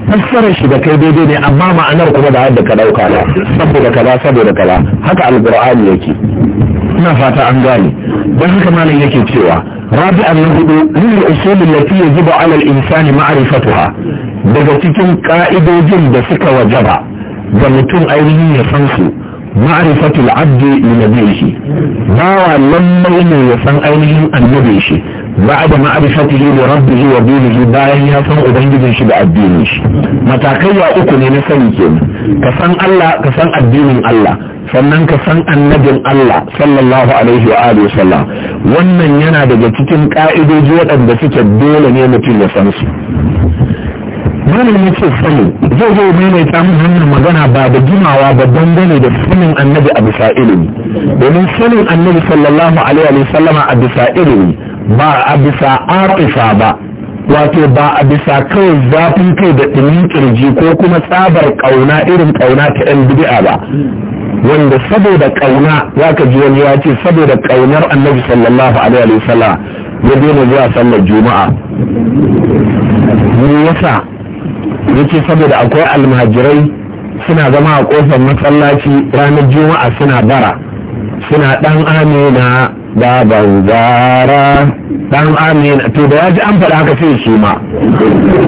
fassarar shi da kai daidai ne amma ma'anar kuma da yadda ka dauka ba saboda kaza saboda kaza haka alqur'ani yake ina fata an gane dan haka malam yake cewa rabi'an na hudu lil usul allati yajibu 'ala al-insani ma'rifatuha daga cikin ka'idojin da suka wajaba ga mutum ainihin ya san su ma'rifatul abdi li nabiyihi bawa lallai ne ya san ainihin annabi shi بعد معرفته لربه ودينه bayan ya san ubangijin shi da addinin shi matakai ya uku ne na sani kenan ka san Allah ka san addinin Allah sannan ka san annabin Allah sallallahu alaihi wa alihi wannan yana daga cikin ka'idoji waɗanda suke dole ne mutum ya san su ne yake sani zai zai maimaita mun hannun magana ba da jimawa ba dangane da sanin annabi a bisa ilimi domin sanin annabi sallallahu alaihi wa sallama a bisa ilimi ba a bisa aqifa ba wato ba a bisa kawai zafin kai da ɗumin kirji ko kuma tsabar ƙauna irin ƙauna ta yan bid'a ba wanda saboda ƙauna za ka ji wani ya ce saboda ƙaunar annabi sallallahu alaihi wa ya daina zuwa sallar juma'a me yasa yace saboda akwai almajirai suna zama a kofar masallaci ranar juma'a suna bara suna dan amina baban bangara dan amina to da yaji an faɗa haka sai shi ma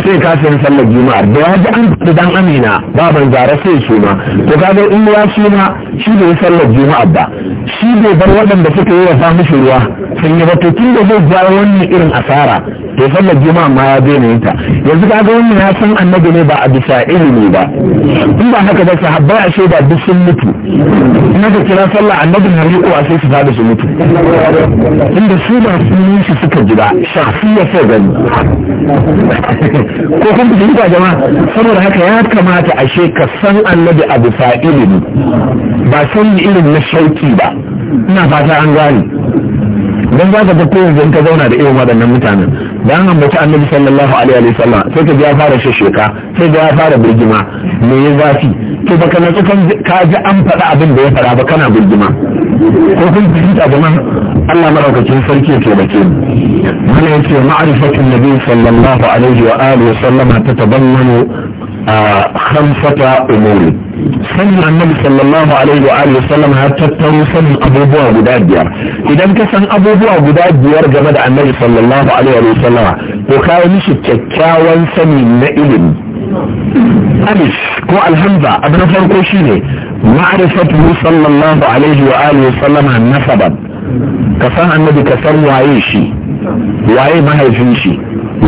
sai ka sayi sallar juma'a da yaji an faɗi dan amina baban bangara sai shi ma to kaga in ya shi ma shi bai sallar juma'a ba shi bai bar waɗanda suka yi wa samu ruwa sun yi ba to tun da zai jawo wannan irin asara ya sallar juma'a ma ya daina yin ta yanzu ka ga wannan ya san annabi ne ba a bisa ilimi ba in ba haka ba sahabbai a shaida duk sun mutu in aka kira sallah annabi har yi uwa sai su fada su mutu inda su ba sun shi suka jira, ba shakhsiyya sai gani ko kun fahimta jama'a saboda haka ya kamata a ka san annabi a bisa ilimi ba san irin na shauki ba ina fata an gane don za ka ga kowace in ka zauna da irin waɗannan mutanen da an ambaci annabi sallallahu alaihi wa sallam sai ka ya fara shasheka sai ga ya fara birgima me ya zafi to baka natsu ka ji an faɗa abin da ya faɗa ba kana birgima ko kun fahimta a nan Allah madaukakin sarki ya taimake mu mana yace ma'rifatin nabi sallallahu alaihi wa alihi wa sallama tatabammanu khamsata umuri sanin annabi sallallahu alaihi wa alihi wasallam har tattaro sanin abubuwa guda biyar idan ka san abubuwa guda biyar game da annabi sallallahu alaihi wa sallama to ka yi mishi kyakkyawan sani na ilimi alif ko alhamza abin na farko shine ma'arifatu sallallahu alaihi wa alihi wa sallama nasaban ka san annabi ka san waye shi waye mahaifin shi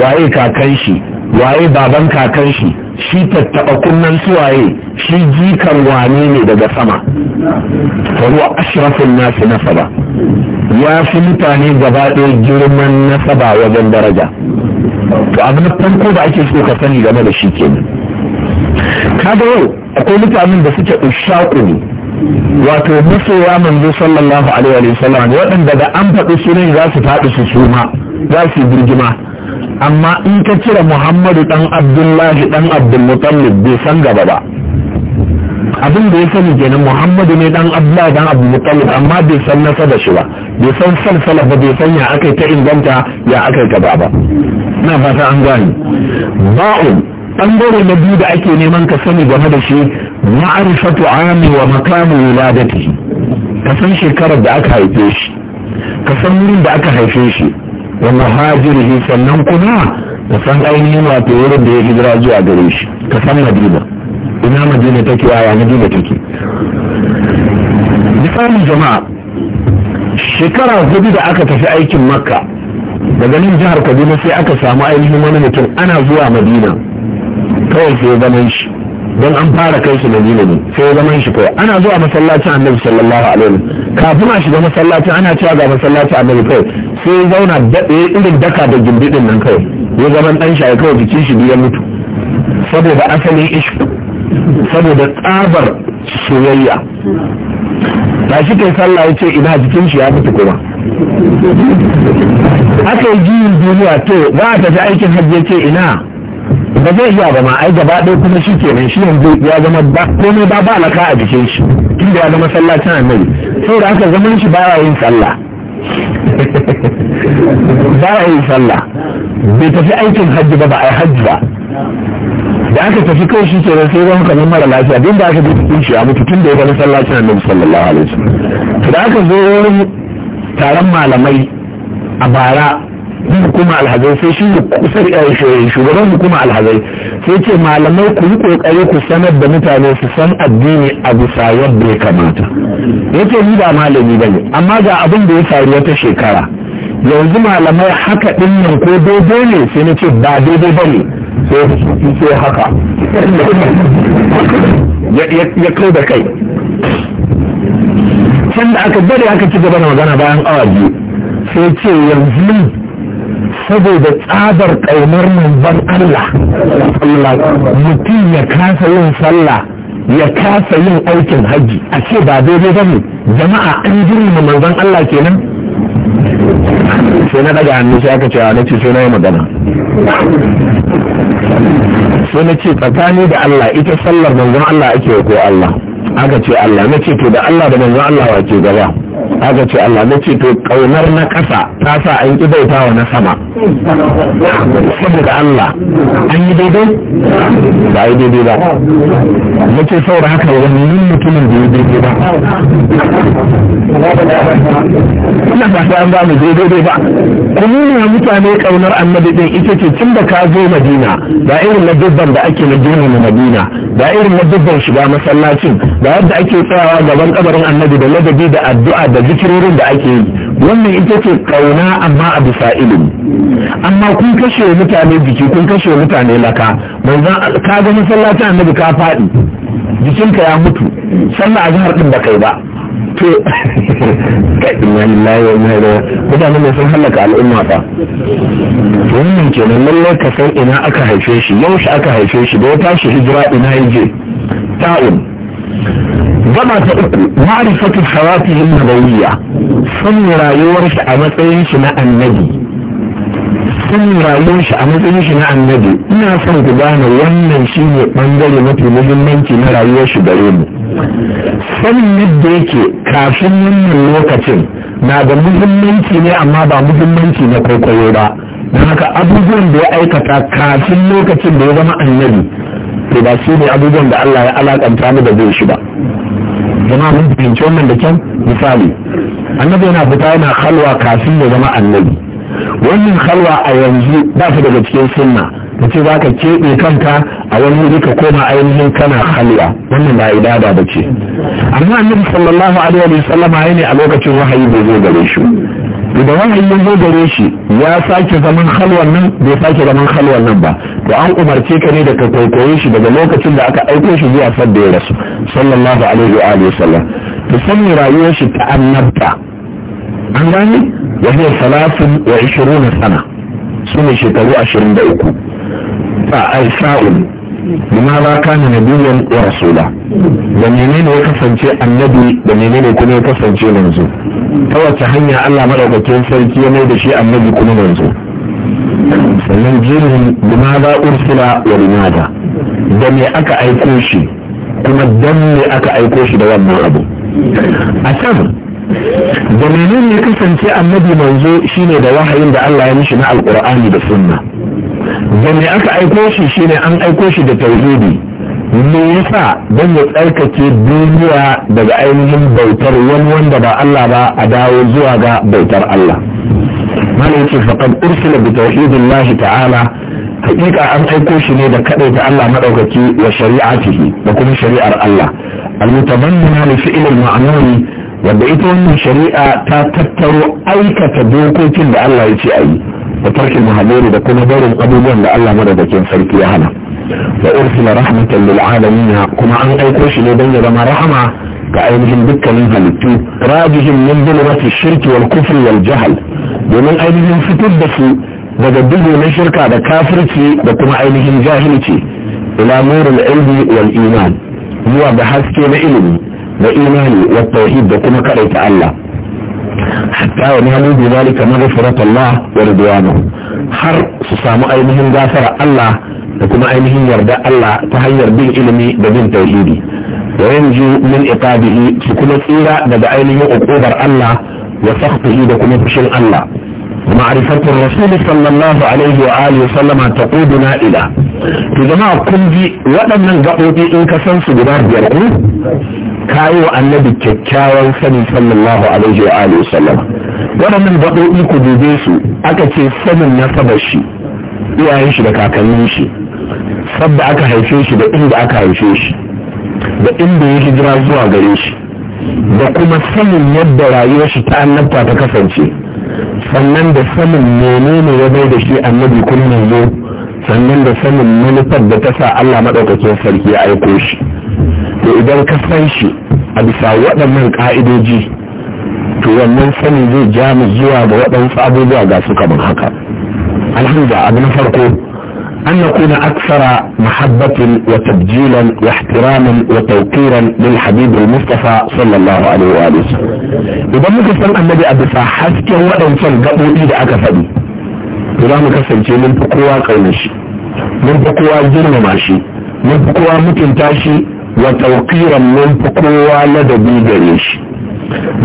waye kakan shi waye baban kakan shi shi su waye shi jikan wane ne daga sama faruwa ashrafin nasu nasaba ya fi mutane gaba ɗaya girman nasaba wajen daraja to abin farko da ake so ka sani game da shi kenan kada yau akwai mutanen da suke ushaku ne wato masoya manzo sallallahu alaihi wa sallam waɗanda da an faɗi sunan za su faɗi su suma za su birgima amma in ka cire muhammadu dan abdullahi dan abdulmutallib bai san gaba ba abin da ya sani kenan muhammadu ne dan abdullahi dan abdulmutallib amma bai san nasa da shi ba bai san salsala ba bai san ya aka ta inganta ya aka gaba ba na fata an gani ba'un ɓangare na biyu da ake neman ka sani game da shi ma'arifatu ami wa makamu wuladati ka san shekarar da aka haife shi ka san wurin da aka haife shi wa muhajirihi sannan kuma ka san ainihin wato wurin da ya hijira zuwa gare shi ka san madina ina madina take yaya madina take misalin jama'a shekara gudu da aka tafi aikin makka daga nan jihar kaduna sai aka samu ainihin wani mutum ana zuwa madina kawai sai zaman shi don an fara kai shi madina ne sai zaman shi kawai ana zuwa masallacin annabi sallallahu alaihi wasallam kafin a shiga masallacin ana cewa ga masallacin annabi kawai sai ya zauna daɗe irin daka da gindidin nan kawai ya zaman ɗan shi kawai jikin shi ya mutu saboda asalin ishq saboda tsabar soyayya ba shi kai sallah ya ce ina jikin shi ya mutu kuma aka yi jiyin duniya to za a tafi aikin hajji ya ce ina ba zai iya ba ma ai gaba ɗaya kuma shi kenan shi yanzu ya zama ba komai ba ba alaka a jikin shi tunda ya zama sallacin annabi saboda haka zaman shi ba yin sallah baya yin sallah bai tafi aikin hajji ba ba ai hajji ba da aka tafi kai shi kenan sai zama kamar mara lafiya don da aka bi cikin shi a mutu tun da ya zama sallacin annabi sallallahu alaihi wasallam to da aka zo wurin taron malamai a bara hukuma alhazai sai shi eh, shugaban hukuma alhazai sai ce malamai ku yi kokari ku sanar da mutane su san addini a bisa yadda ya kamata ya ce ni ba malami ba ne amma ga abin da ya faru wata shekara yanzu malamai haka din nan ko daidai ne sai na ce ba daidai ba ne sai haka ya kai da kai can da aka dare aka ci gaba da magana bayan awa biyu sai ce yanzu saboda tsadar ƙaunar manzon Allah mutum ya kasa yin sallah ya kasa yin aikin hajji a ce ba daidai ba ne jama'a an girma manzon Allah kenan sai na daga hannu sai aka cewa na ce sai na yi magana sai na ce tsakani da Allah ita sallar manzon Allah ake ko Allah aka ce Allah na ce to da Allah da manzon Allah wa ke gaba aka ce Allah na ce to kaunar na ƙasa ta sa an ƙi bauta wa na sama saboda Allah an yi daidai ba yi daidai ba na ce saboda haka wannan mutumin da yi daidai ba ina ba sai an ba mu daidai ba kuma mutane kaunar annabi din ita ce tun da ka zo Madina ba irin na dubban da ake na jini na Madina ba irin na dubban shiga masallacin ba yadda ake tsayawa gaban kabarin annabi da ladabi da addu'a da zikirorin da ake yi wannan ita ce kauna amma a bisa ilimi amma kun kashe mutane jiki kun kashe mutane laka manzan ka ga masallacin annabi ka faɗi jikinka ya mutu sallah zahar din ba kai ba to mutane ne sun hallaka al'umma fa wannan kenan lallai ka san ina aka haife shi yau shi aka haife shi da ya tashi hijira ina yaje ta'un Gama ta uku ma'rifatu yin nabawiyya sun rayuwar shi a matsayin shi na annabi sun rayuwar shi a matsayin shi na annabi ina son ku gane wannan shi ne bangare mafi muhimmanci na rayuwar shi gare mu sanin yadda yake kafin wannan lokacin na da muhimmanci ne amma ba muhimmanci na kwaikwayo ba don haka abubuwan da ya aikata kafin lokacin da ya zama annabi to ba su ne abubuwan da Allah ya alakanta mu da zai shi ba jama'a mun fahimci wannan da kyan misali annabi yana fita yana halwa kafin ya zama annabi wannan halwa a yanzu ba su daga cikin sunna ka ce za ka keɓe kanka a wani wuri ka koma ainihin kana halwa wannan ba ibada ba ce amma annabi sallallahu alaihi wa sallama ne a lokacin wahayi bai zo gare shi idan wahayi ya zo gare shi ya sake zaman halwan nan bai sake zaman halwan nan ba to an umarce ka ne da ka kwaikwaye shi daga lokacin da aka aiko shi zuwa sadda ya rasu sallallahu alaihi wa alihi wasallam to sani rayuwar shi ta annabta an gani. ya zo salasin wa ishiruna sana su ne shekaru ashirin da uku a na nabiyan wa rasula. da menene ya kasance annabi da menene kuma ya kasance manzo ta wace hanya Allah madaukakin sarki ya mai da shi annabi kuma manzo sannan jirin ba ursula wa limaza da me aka aiko shi kuma dan me aka aiko shi da wannan abu a can da menene ya kasance annabi manzo shine da wahayin da Allah ya mishi na alkur'ani da sunna da me aka aiko shi shine an aiko shi da tauhidi me yasa dan ya tsarkake duniya daga ainihin bautar wani wanda ba Allah ba a dawo zuwa ga bautar Allah malai ce faqad ursila bi tauhidillahi ta'ala hakika an aiko shi ne da ta Allah madaukaki wa shari'atihi da kuma shari'ar Allah al-mutamanna li fi'l al wanda ita wannan shari'a ta tattaro aikata dokokin da Allah ya ce a yi da tarshen muhammadu da kuma barin abubuwan da Allah madadakin sarki ya hana wa ursila rahmatan lil alamin kuma an aiko shi ne don ya zama rahama ga ainihin dukkanin halittu rajihin min dhulumati shirki wal kufri wal jahl domin ainihin fitar da su daga dubu na shirka da kafirci da kuma ainihin jahilci ila nurul ilmi wal iman zuwa ga haske na ilimi da imani wa tauhid da kuma kadaita Allah hatta wani nalu bi zalika maghfirat Allah wa ridwanu har su samu ainihin gafara Allah da kuma ainihin yarda Allah ta hanyar bin ilimi da bin tauhidi wa yanzu min iqabihi su kuma tsira daga ainihin uqubar Allah wa sakhtihi da kuma fushin Allah معرفة الرسول صلى ta ƙuduna وآله وسلم jama'a kun ji waɗannan كنت in ka san su guda biyar بيرقو kayo annabi kyakkyawan sani sallallahu alaihi wa alihi sallam waɗannan baɗo'i ku dube su aka ce sanin nasabar shi iyayen shi da kakannin shi sabda aka haife shi da inda aka haife shi da inda ya hijira zuwa gare shi da kuma sanin yadda rayuwar shi ta annabta ta kasance sannan da sanin menene ya bai da shi annabi kullum zo sannan da sanin manufar da ta sa Allah maɗaukakin sarki ya aiko shi to idan ka san shi a bisa waɗannan ƙa'idoji to wannan sani zai ja mu zuwa ga waɗansu abubuwa ga su kamar haka alhamdulillah abu na farko أن نكون أكثر محبة وتبجيلا واحتراما وتوقيرا للحبيب المصطفى صلى الله عليه وآله وسلم إذا ممكن سن النبي أبي فحسك وأن سن قبو إيدا أكفدي إذا ممكن سن من فقوة قيمشي من فقوة جرم ماشي من فقوة متنتاشي wa tauqiran mun fi kowa ladabi gare shi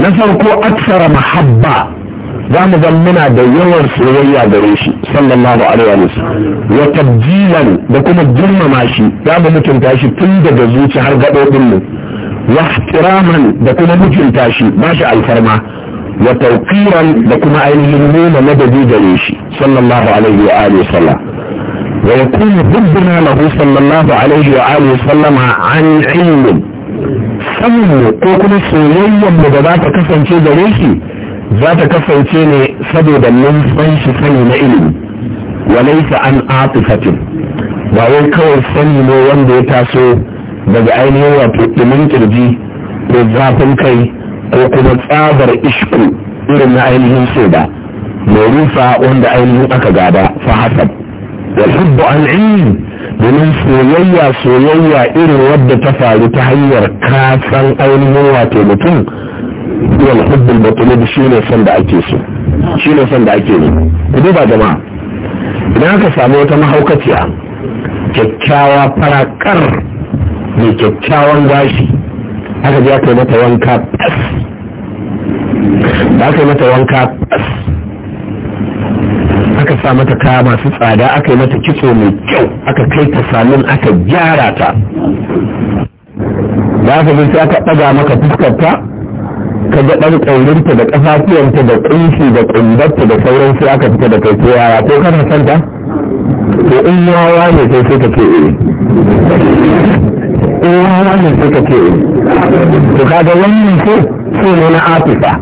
na farko aksara mahabba za mu zan muna da yawan soyayya gare shi sallallahu alaihi wa sallam wa tabjilan da kuma girmama shi za mu mutunta shi tun daga zuci har gaɗoɗin mu wa ihtiraman da kuma mutunta shi ba shi alfarma wa da kuma ainihin nuna ladabi gare shi sallallahu alaihi wa sallam ويكون ضدنا له صلى الله عليه وآله وسلم عن علم sanmu ko kuma soyayyar mu da za ta kasance gare shi za ta kasance ne saboda mun san shi sani na ilimi walaisa an atifatin ba wai kawai sani ne wanda ya taso daga ainihin wato ɗumin kirji ko zafin kai ko kuma tsabar ishku irin na ainihin soda mai rufa wanda ainihin aka gada fa hasab wa hubbu al'ilm domin soyayya soyayya irin wadda ta faru ta hanyar kasan ainihin wato mutum wal hubbul matulub shine son da ake so shine son da ake ne ku duba jama'a idan aka samu wata mahaukaciya kyakkyawa farakar mai kyakkyawan gashi aka je aka yi mata wanka fas da aka yi mata wanka sa mata kaya masu tsada aka yi mata kitso mai kyau aka kai ta salon aka gyara ta da aka sai aka ɗaga maka fuskarta ka ga ɗan ƙaurinta da ƙafafiyanta da ƙunshi da ƙundarta da sauran sai aka fita da kai to ko kana santa to in yawa ne sai sai ka ce eh. in sai suka ce to kaga wannan ce su ne na afisa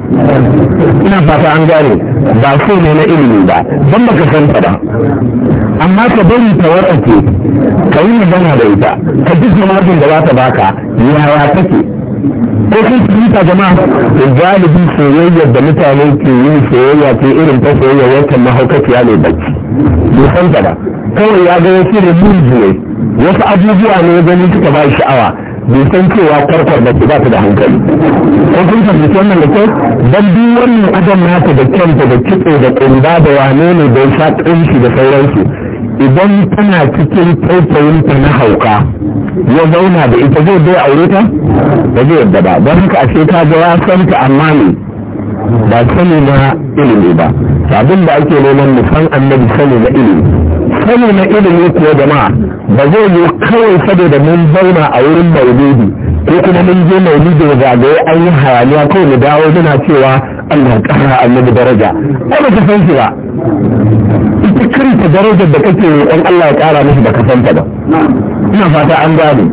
ina fata an gane ba su ne na ilimi ba don baka san ta ba amma ka bari ta warake ka yi magana da ita ka ji jama'a da za ta baka ya take ko sun fahimta jama'a galibi soyayyar da mutane ke yi soyayya ke irin ta soyayya wata mahaukaciya ne baki. bai san kawai ya ga wasu rubuji ne wasu abubuwa ne gani suka ba sha'awa bai san cewa kwarkwar da ba ta da hankali ko kun fahimci wannan da kyau dan duk wannan adam nata da kyanta da kitse da ƙunda da wane ne da sha ƙunshi da sauransu idan tana cikin taitayinta na hauka ya zauna da ita zai bai aure ta ba zai yadda ba don haka ashe ta ga ya san ta amma ne ba sani na ilimi ba abin da ake neman mu san annabi sani na ilimi sani na ilimi ko jama'a ba zai yi kawai saboda mun zauna a wurin maulidi ko kuma mun je maulidi zagaye an yi hayaniya kawai mu dawo muna cewa Allah ƙara annabi daraja ko ba ka san shi ba ita kanta darajar da kake roƙon Allah ya ƙara mishi ba ka san ta ba ina fata an gane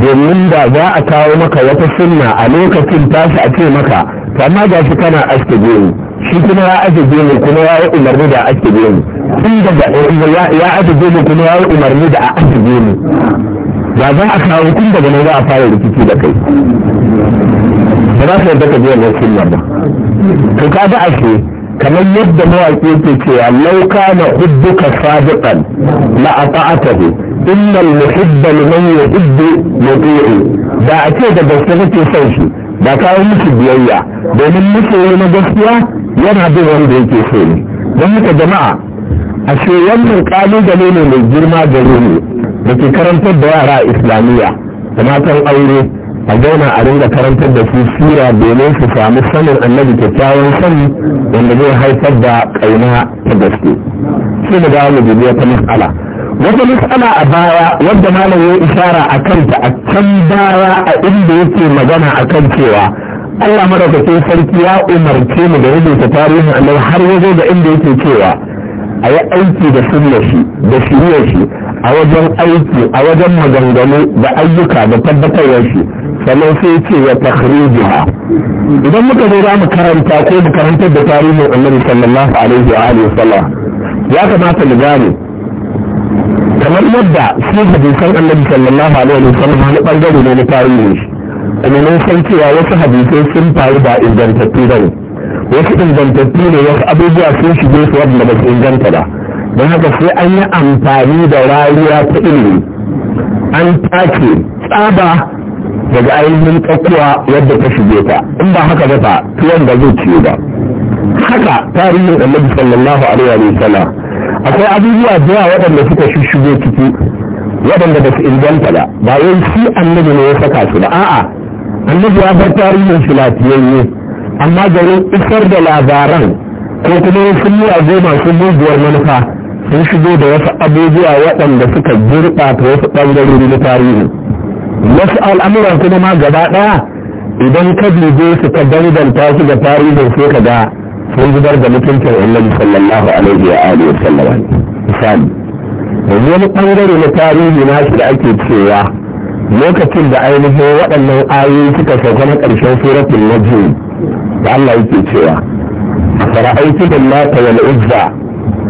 domin da za a kawo maka wata sunna a lokacin tashi a ce maka to amma ga shi kana aske gemu shi kuma ya aje gemu kuma ya yi umarni da aske gemu tun daga ya aje gemu kuma ya yi umarni da a aske gemu ba za a kawo tun daga nan za a fara rikici da kai ba za ka yarda ka je wannan sunna ba to ka ga ashe kamar yadda mawaƙi ke cewa lauka kana hubbuka sadiqan la ata'atahu innal muhibba liman yuhibbu yuti'u da a ce da gaske kake son shi ba kawo musu biyayya domin musu na gaskiya yana bin wanda yake so ne don haka jama'a ashe wannan kalubale ne mai girma gare da ke karantar da yara a islamiyya da matan aure a zauna a ringa karantar da su sura domin su samu sanin annabi kyakkyawan sani wanda zai haifar da kaina ta gaske shi da dawo mu bibiya ta mas'ala wata mas'ala a baya wadda malam ya ishara a kanta a can baya a inda yake magana a kan cewa Allah madaukakin sarki ya umarce mu da rubuta tarihin annabi har ya zo da inda yake cewa a yi aiki da sunna shi da shirya shi a wajen aiki a wajen maganganu da ayyuka da tabbatarwar shi sannan sai ce ya takhrijiha idan muka zo za mu karanta ko mu karanta da tarihin annabi sallallahu alaihi wa alihi wasallam ya kamata mu gane kamar yadda shi hadisan annabi sallallahu alaihi wasallam wani bangare ne na tarihin shi kuma mun san cewa wasu hadisai sun faru ba ingantattu bane wasu ingantattu ne wasu abubuwa sun shige su wanda ba su inganta ba don haka sai an yi amfani da rayuwa ta ilimi an take tsaba daga ainihin tsakuwa yadda ta shige ta in ba haka ba ta tuwon da zai ciye ba haka tarihin annabi sallallahu alaihi wa sallam akwai abubuwa da yawa waɗanda suka shige ciki waɗanda ba su inganta ba ba wai shi annabi ne ya saka su ba a'a annabi ya bar tarihin shi lafiyayye amma garin isar da labaran ko kuma sun yi a goma su muguwar manufa sun shigo da wasu abubuwa waɗanda suka gurɓata wasu ɓangarori na tarihi wasu al'amuran kuma ma gaba ɗaya idan ka dube su ka danganta su ga tarihin sai ka ga sun zubar da mutuncin annabi sallallahu alaihi wa alihi sallama misali yanzu wani ɓangare na tarihi na shi da ake cewa lokacin da ainihin waɗannan ayoyi suka sauka na ƙarshen suratul najm da Allah yake cewa fara'aitu da lata wal uzza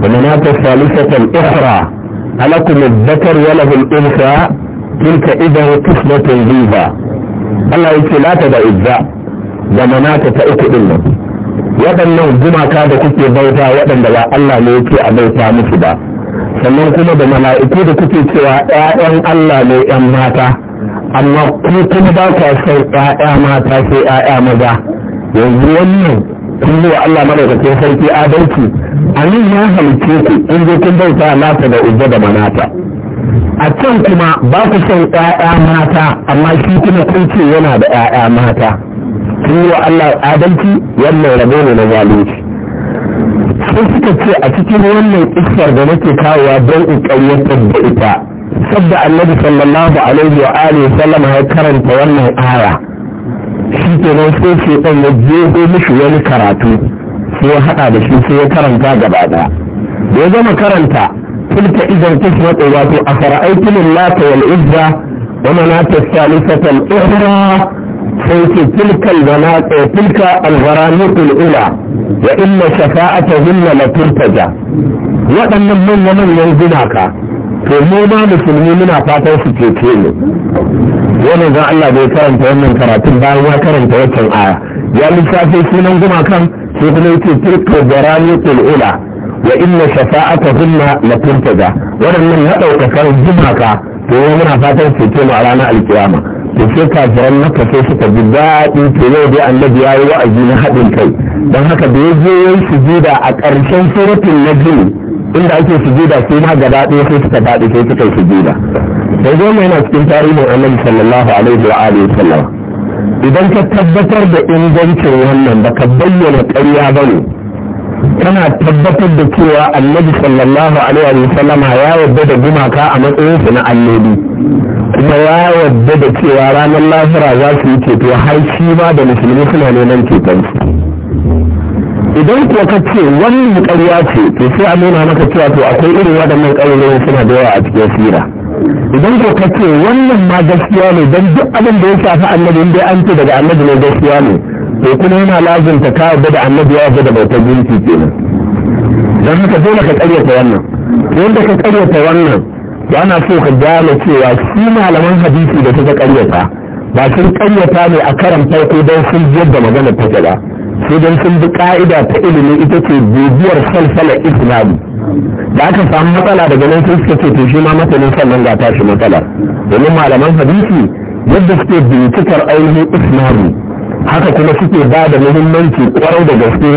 wa manata salisatan ukhra alakum adh-dhakar wa lahu al-untha tilka idan qismatun dhiba Allah yake lata da uzza da manata ta uku din nan waɗannan gumaka da kuke bauta waɗanda ba Allah ne yake a bauta musu ba sannan kuma da mala'iku da kuke cewa 'ya'yan Allah ne 'yan mata amma ku kuma ba son 'ya'ya mata sai 'ya'ya maza yanzu wannan kun yi wa Allah madaukakin sarki adalci a nan ya halice ku in zo kun bauta nata da uba da manata a can kuma ba ku son ƴaƴa mata amma shi kuma kun ce yana da ƴaƴa mata kun yi wa Allah adalci wannan rabo ne na zalunci sai suka ce a cikin wannan iskar da nake kawowa don in ƙaryatar da ita sabda annabi sallallahu alaihi wa alihi sallam ya karanta wannan aya shi kenan sai shi ɗan ya jeho mishi wani karatu sai ya haɗa da shi sai ya karanta gaba ɗaya da ya gama karanta tilka idan ta shi wato wato a fara'aikin lata wal izza wa manata salisatan ihra sai ce tilka albanata eh, tilka algharamiqul ula wa inna shafa'atahunna na turtaja waɗannan manya manyan gunaka to mu musulmi muna fatan su cece wannan zan Allah bai karanta wannan karatun bayan ya karanta wancan aya ya lissafe sunan gumakan sai kuma yake tilka barani kul'ula wa inna shafa'ata hunna la tuntaja waɗannan ya ɗaukakar gumaka to muna fatan cece mu a ranar alkiyama to sai kafiran maka sai suka ji daɗi to yau dai annabi ya yi wa'azi na haɗin kai don haka da ya je ya sujuda a ƙarshen na najm inda ake sujuda su ma gaba ɗaya sai suka faɗi sai suka yi sujuda sai zo mai yana cikin tarihin annabi sallallahu alaihi wa alihi sallam idan ka tabbatar da ingancin wannan baka bayyana ƙarya ba ne kana tabbatar da cewa annabi sallallahu alaihi wa sallam ya yarda da gumaka a matsayin su na annabi kuma ya yarda da cewa ranar lahira za su yi ceto har shi ma da musulmi suna neman ceton su idan kuwa ka ce wannan ƙarya ce to sai a nuna maka cewa to akwai irin waɗannan ƙaryoyin suna da yawa a cikin sira idan kuwa ka ce wannan ma gaskiya ne don duk abin da ya shafi annabi in dai an ce daga annabi ne gaskiya ne to kuma yana lazim ka yarda da annabi ya da bautar gunki kenan don haka dole ka ƙaryata wannan yadda ka ƙaryata wannan ana so ka gane cewa shi malaman hadisi da suka ƙaryata ba sun ƙaryata ne a karan farko don sun jiyar da maganar take ba sai sun bi ka'ida ta ilimi ita ce bibiyar falfala islami da aka samu matsala daga nan sai suka ce to shi ma masanin sannan ga tashi matsala domin malaman hadisi yadda suke bincikar ainihin islami haka kuma suke ba da muhimmanci kwarau da gaske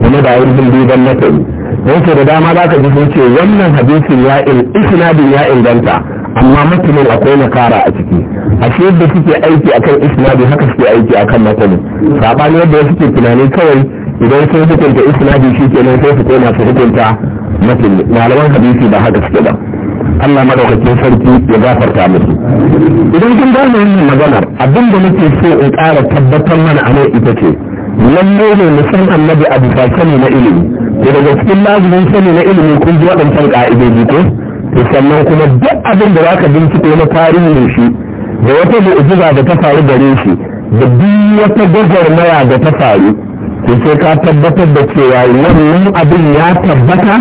kuma da ainihin duban masani don da dama za ka ji sun ce wannan hadisin ya isnadin ya inganta amma mutumin akwai nakara a ciki ashe yadda suke aiki akan isnadi haka suke aiki akan matani sabani yadda suke tunani kawai idan sun hukunta isnadi shi kenan sai su koma su hukunta matani malaman hadisi ba haka suke ba Allah madaukakin sarki ya gafarta musu idan kun gane wannan maganar abin da nake so in ƙara tabbatar mana a nan ita ce lalle ne mu san annabi a bisa sani na ilimi to daga cikin lazumin sani na ilimi kun ji waɗancan ƙa'idoji ko to sannan kuma duk abin da zaka bincike na tarihin shi da wata mu'jiza da ta faru gare shi da duk wata gwagwarmaya da ta faru to sai ka tabbatar da cewa wannan abin ya tabbata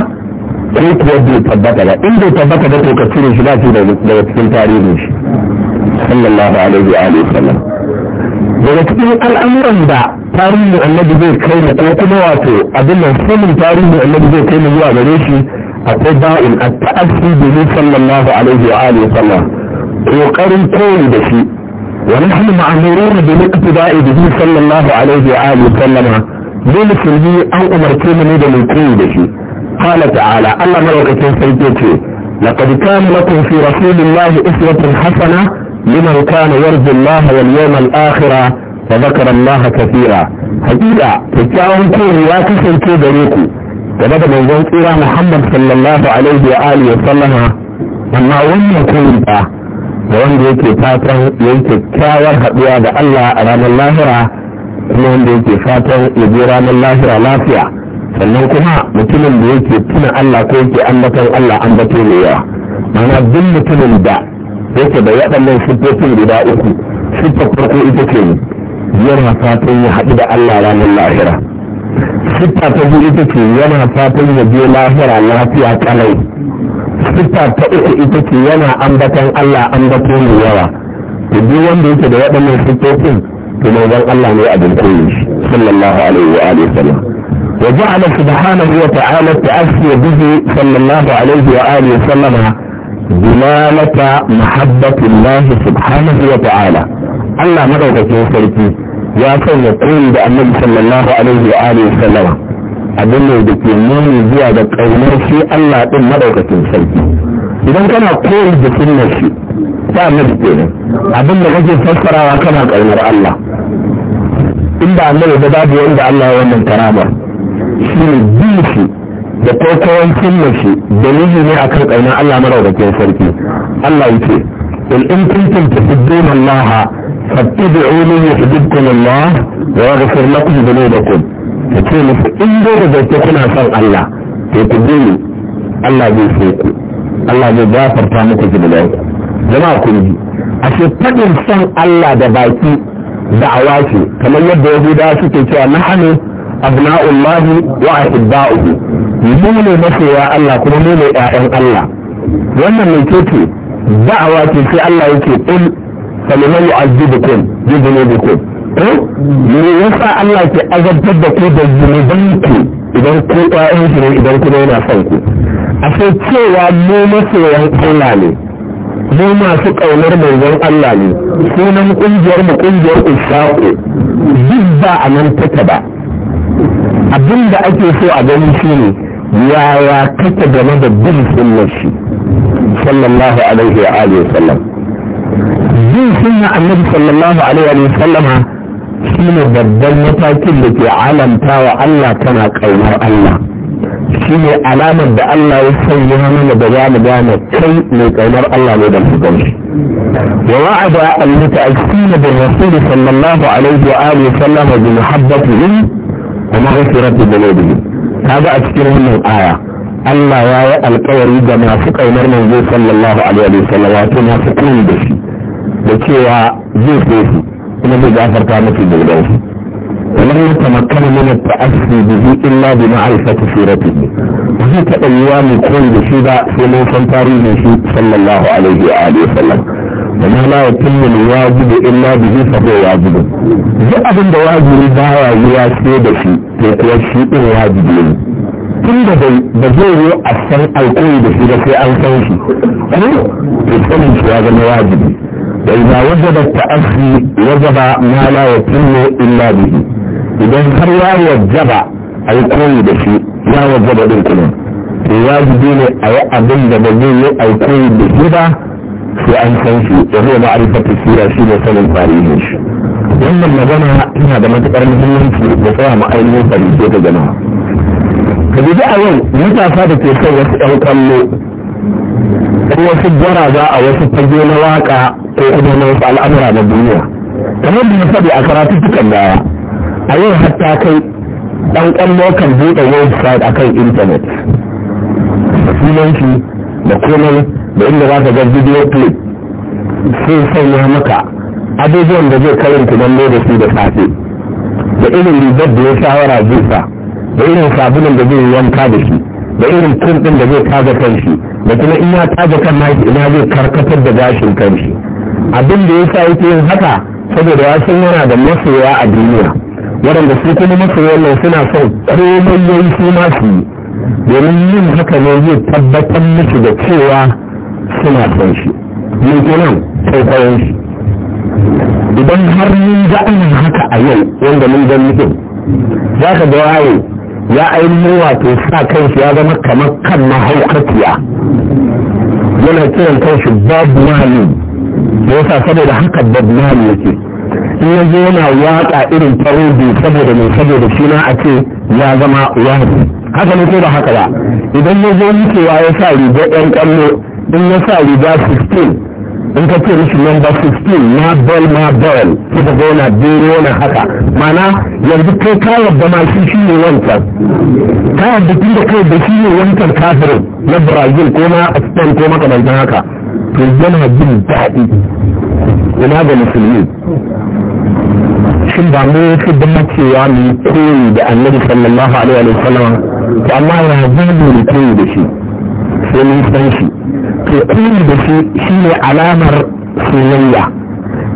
ko kuwa bai tabbata ba in bai tabbata da ka cire shi lafi daga cikin tarihin shi sallallahu alaihi wa alihi sallam daga cikin al'amuran da tarihin annabi zai kai mu ko kuma wato abin nan sanin tarihin annabi zai kai mu zuwa gare shi akwai ba'in at-ta'assi bi sallallahu alaihi wa alihi sallam kokarin koyi da shi wa nahnu ma'muruna bi iqtida'i bihi sallallahu alaihi wa alihi sallama mu musulmi an umarce mu ne da mu koyi da shi qala ta'ala Allah madaukakin sarki ce لقد كان لكم في رسول الله أسوة حسنة لمن كان يرجو الله واليوم الآخرة وذكر الله ya حقيقة تتعاون كوري لا تسلكي بريكو وبدا من ذنب محمد صلى الله wa وآله وسلم أما ومن كوري da wanda yake fatan ya kyakkyawar haɗuwa da Allah a ranar lahira kuma wanda yake fatan ya ranar lahira lafiya sannan kuma mutumin da yake tuna Allah ko yake ambaton Allah ambato mai yawa mana duk mutumin da yake da waɗannan siffofin guda uku siffar farko ita ce yana fatan ya haɗu da Allah ranar lahira siffa ta biyu ita ce yana fatan ya je lahira lafiya kalai siffa ta uku ita ce yana ambatan Allah ambato mai yawa to duk wanda yake da waɗannan siffofin to manzon Allah ne abin koyi sallallahu alaihi wa alihi wasallam wa ja'ala subhanahu wa ta'ala ta'assi bihi sallallahu alaihi wa alihi wasallam dilalata mahabbatillahi subhanahu wa ta'ala Allah madaukakin sarki ya sanya koyi da annabi sallallahu alaihi wa alihi wasallam abin ne da ke nuni zuwa da ƙaunar shi Allah ɗin maɗaukakin sarki idan kana koyi da sunnar shi ta annabi kenan abin da kake fassarawa kana ƙaunar Allah inda annabi da babu wanda Allah ya wannan karama shi ne bin shi da kwaikwayon sunnar shi da dalili ne akan ƙaunar Allah maɗaukakin sarki Allah ya ce قل إن كنتم تحبون الله فاتبعوني يحببكم الله ويغفر لكم ذنوبكم ka ce musu in zo da gaske kuna son Allah Ke ku bi Allah zai so ku Allah zai gafarta muku zunubai jama'a kun a ce fadin son Allah da baki da'awa ce kamar yadda da suke cewa na'ul abna'ullahi wa ahibba'uhu mu ne masoya Allah kuma mu ne ƴaƴan Allah wannan mai ce da'awa ce sai Allah yake ɗin fa liman yu'azzibukum bi dhunubikum ko eh? me yasa Allah ke azabtar da ku da zunubanku idan ku ƴaƴan shi ne idan ku yana son ku a sai cewa mu masoyan Allah ne mu masu ƙaunar manzon Allah ne sunan ƙungiyar mu ƙungiyar Ishaqu duk ba a nan take ba abin da ake so a gani shine yaya kake game da bin sunnar shi sallallahu alaihi wa alihi wa sallam bin annabi sallallahu alaihi wa sallama shi ne babban matakin da ke alamta wa Allah kana ƙaunar Allah shi ne alamar da Allah ya sanya mana da za mu gane kai mai ƙaunar Allah ne da musulmi wa wa'ada al-muta'assina bil rasul sallallahu alaihi wa alihi sallam bi muhabbatihi wa maghfirati dhunubihi kaga a cikin wannan aya Allah ya yi alkawari da masu ƙaunar manzo sallallahu alaihi wa sallam wato masu kuni da shi da cewa zai so su kuma zai gafarta mafi gudan su kuma ya tamakar mana ta asiri da zai illa bi ma'aifa ta surati ne ba zai taɓa yi wa mai koyi da shi ba sai mun san tarihin shi sallallahu alaihi wa alihi wa sallam da ma na wata mun ya gudu illa bi zai sabo ya gudu duk abin da wajiri ba wa yi wa sai da shi sai kuwa shi ɗin wajibi ne tun da ba zai yi a san alkoyi da shi ba sai an san shi ko to sanin shi ya zama wajibi وإذا وجب التأخي وجب ما لا يتم إلا به إذا هل يا وجب أي كل بشيء يا وجب بالكلام wajibi ne a yi abin da ba zai yi aikoyi ba sai an san shi da zai ma'arifata sira shi da sanin tarihin shi wannan magana yana da matuƙar muhimmanci da tsaya ma'ainihin fariso ta jama'a a yau matasa da ke son wasu ɗan kallo ko wasu za a wasu fage na waka ko kuma na wasu al'amura na duniya kamar da ya faɗi a karatu tukan baya a yau hatta kai ɗan ƙwallo kan buɗe website a kan intanet da sunanci da komai da inda za ka ga video clip sun sanya maka abubuwan da zai karanta don da su da safe da irin rigar da ya shawara zai sa da irin sabulun da zai yi wanka da shi da irin tun ɗin da zai kaga kanshi da kuma in ya kaga kan maki ina zai karkatar da gashin kanshi abin da yasa yake yin haka saboda ya san yana da masoya a duniya waɗanda su kuma masoyan nan suna son komai yayi su ma su yi domin yin haka ne zai tabbatar musu da cewa suna son shi mun kenan sai shi idan har mun ga haka a yau wanda mun ga mutum za ka ga waye ya ainihin wato sa kanshi ya zama kamar kan mahaukaciya yana kiran kanshi bob marley yasa saboda haka bob marley yake in ya zo yana watsa irin farodi saboda mai saboda shi na a ce ya zama wani haka ne ko ba haka ba idan ya zo wucewa ya sa riga yan kallo in ya sa riga 16 in ka ce mishi number 16 na bel ma bel sai ka zauna bero na haka mana yanzu kai ka yadda ma shi shi ne wancan ka yadda tun da kai da shi ne wancan kafirin na brazil ko na spain ko makamantan haka to yana jin daɗi ina ga musulmi shin ba mu fi da macewa mu koyi da annabi sallallahu alaihi wa sallam amma yana jin koyi da shi ko san shi to kuri da shi shine alamar soyayya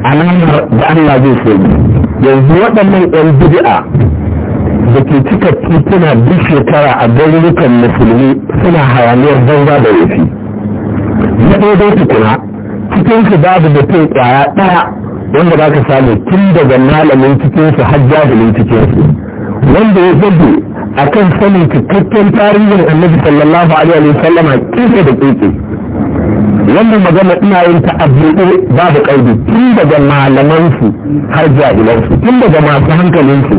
alamar da Allah zai so yanzu waɗannan yan bid'a da ke cika tituna duk shekara a garurukan musulmi suna hayaniyar banza da yafi na daidai tukuna cikin su babu da kai ɗaya wanda za ka samu tun daga malamin cikinsu har jahilin cikinsu wanda ya zabe akan sanin cikakken tarihin annabi sallallahu alaihi wa sallam kike da kike wannan magana ina yin ta abuɗe babu ƙaidi tun daga malamansu har jahilansu tun daga masu hankalinsu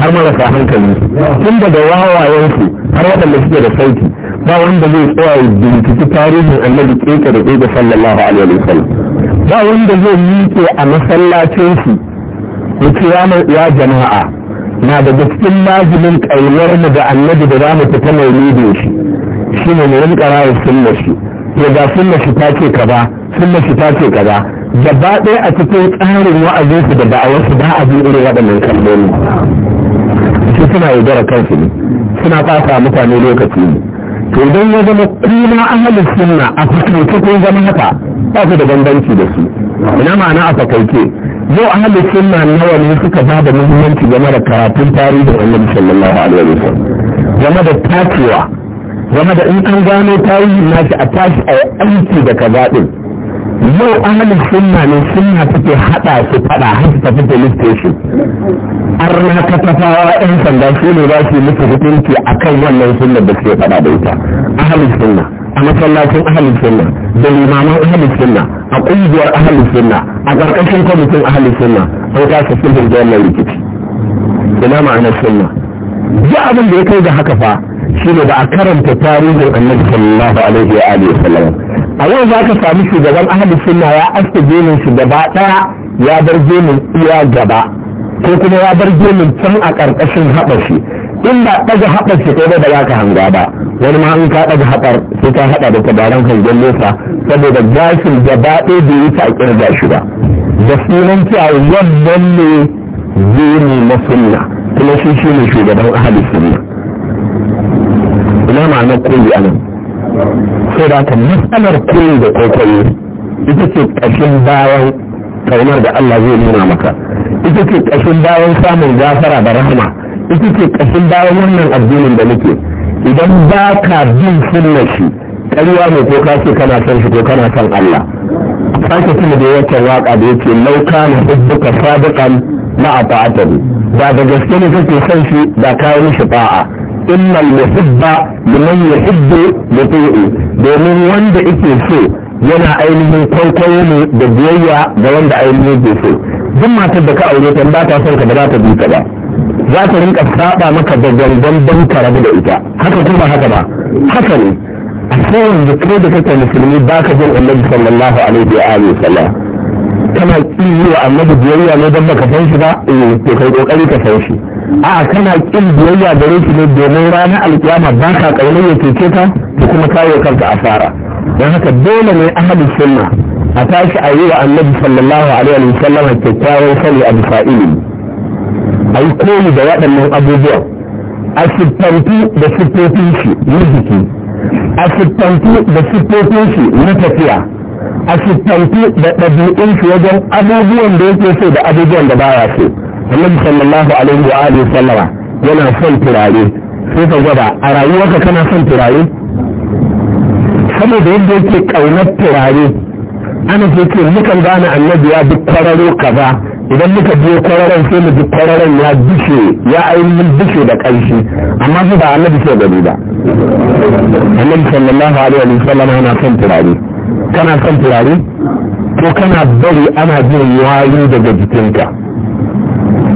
har marasa hankalinsu tun daga wawayensu har waɗanda suke da sauki ba wanda zai tsaya ya binciki tarihin annabi kike da kike sallallahu alaihi wa sallam ba wanda zai miƙe a masallacinsu ya ce ya jama'a na daga cikin lazimin ƙaunar mu da annabi da za mu fita mai lidin shi shi ne mu rinka raya sunna shi to ga sunna shi ta ce kaza sunna shi ta ce kaza gaba ɗaya a cikin tsarin wa'azinsu da da'awarsu ba a bi irin waɗannan kalmomi su suna yaudara kansu ne suna fasa mutane lokaci ne to idan ya zama kuma ahalin sunna a fakaice ko zama haka ba su da bambanci da su ina ma'ana a fakaice yau ahalin sunna nawa ne suka ba da muhimmanci game da karatun tarihin annabi sallallahu alaihi wasallam game da tacewa game da in an gano tarihin nashi a tashi a aiki da kaza din yau ahalin sunna ne sunna suke hada su fada har su tafi police station arna katafawa yan sanda su ne ba su musu hukunci a kan wannan sunna da suke fada da ita ahalin sunna a masallacin ahalin sunna da limaman ahalin sunna a kungiyar ahalin sunna a ƙarƙashin kwamitin ahalin sunna an kasa sulhun da wannan rikici ina ma'anar sunna duk abin da ya kai da haka fa shine da a karanta tarihin annabi sallallahu alaihi wa alihi wa sallam a yau za ka sami shugaban ahalin sunna ya aske gemin shi gaba ɗaya ya bar gemin iya gaba ko kuma ya bar gemin can a ƙarƙashin haɓashi in ba ɗaga haɓashi ko kai ba za ka hanga ba wani ma ka ɗaga haɓar sai ka haɗa da tabaran hangen nesa saboda gashin gaba ɗaya bai yi ta ƙirga shi ba da sunan cewa wannan ne gemi na sunna kuma shi shi ne shugaban ahalin sunna ina ma'anar koyi a nan sai da ta matsalar kun da kwaikwayo ita ce ƙashin bayan kaunar da Allah zai nuna maka ita ce ƙashin bayan samun gafara da rahama ita ce ƙashin bayan wannan addinin da muke idan ba ka bin sunnar shi ƙarya mai ko ka ce kana son shi ko kana son Allah sake tuna da yake waka da yake lauka na hubbuka sadiqan na ta'atari da da gaske ne kake son shi ba kayan shi ba'a innal muhibba liman yuhibbu yuti'u domin wanda yake so yana ainihin kwaikwayo ne da biyayya ga wanda ainihin ke so duk matar da ka aure ta ba ta son ka da za ta bi ka ba za ta rinka saba maka da gangan don ka rabu da ita haka ko ba haka ba haka ne a sayan da kai da kake musulmi ba ka jin annabi sallallahu alaihi wa alihi sallam kana wa annabi biyayya ne don baka san shi ba eh to kai kokari ka san shi a kana kin biyayya gare shi ne domin ranar alkiyama ba ka kaunar ya cece ka da kuma kawo kanka fara. don haka dole ne ahadu sunna a tashi a yi wa annabi sallallahu alaihi wa sallam kyakkyawan sani a bisa ilimi a yi da waɗannan abubuwan a siffantu da siffofin shi na jiki a siffantu da siffofin shi na tafiya a siffantu da ɗabi'un shi wajen abubuwan da yake so da abubuwan da baya so annabi sallallahu alaihi wa alihi sallama yana son turare sai ka gwada a rayuwarka kana son turare saboda yadda yake kaunar turare ana ce ce mukan gane annabi ya duk kwararo kaza idan muka biyo kwararon sai mu duk kwararon ya bishe ya ainihin bishe da ƙarshi amma su ba annabi sai gani ba annabi sallallahu alaihi wa sallama yana son turare kana son turare ko kana bari ana jin wayo daga jikinka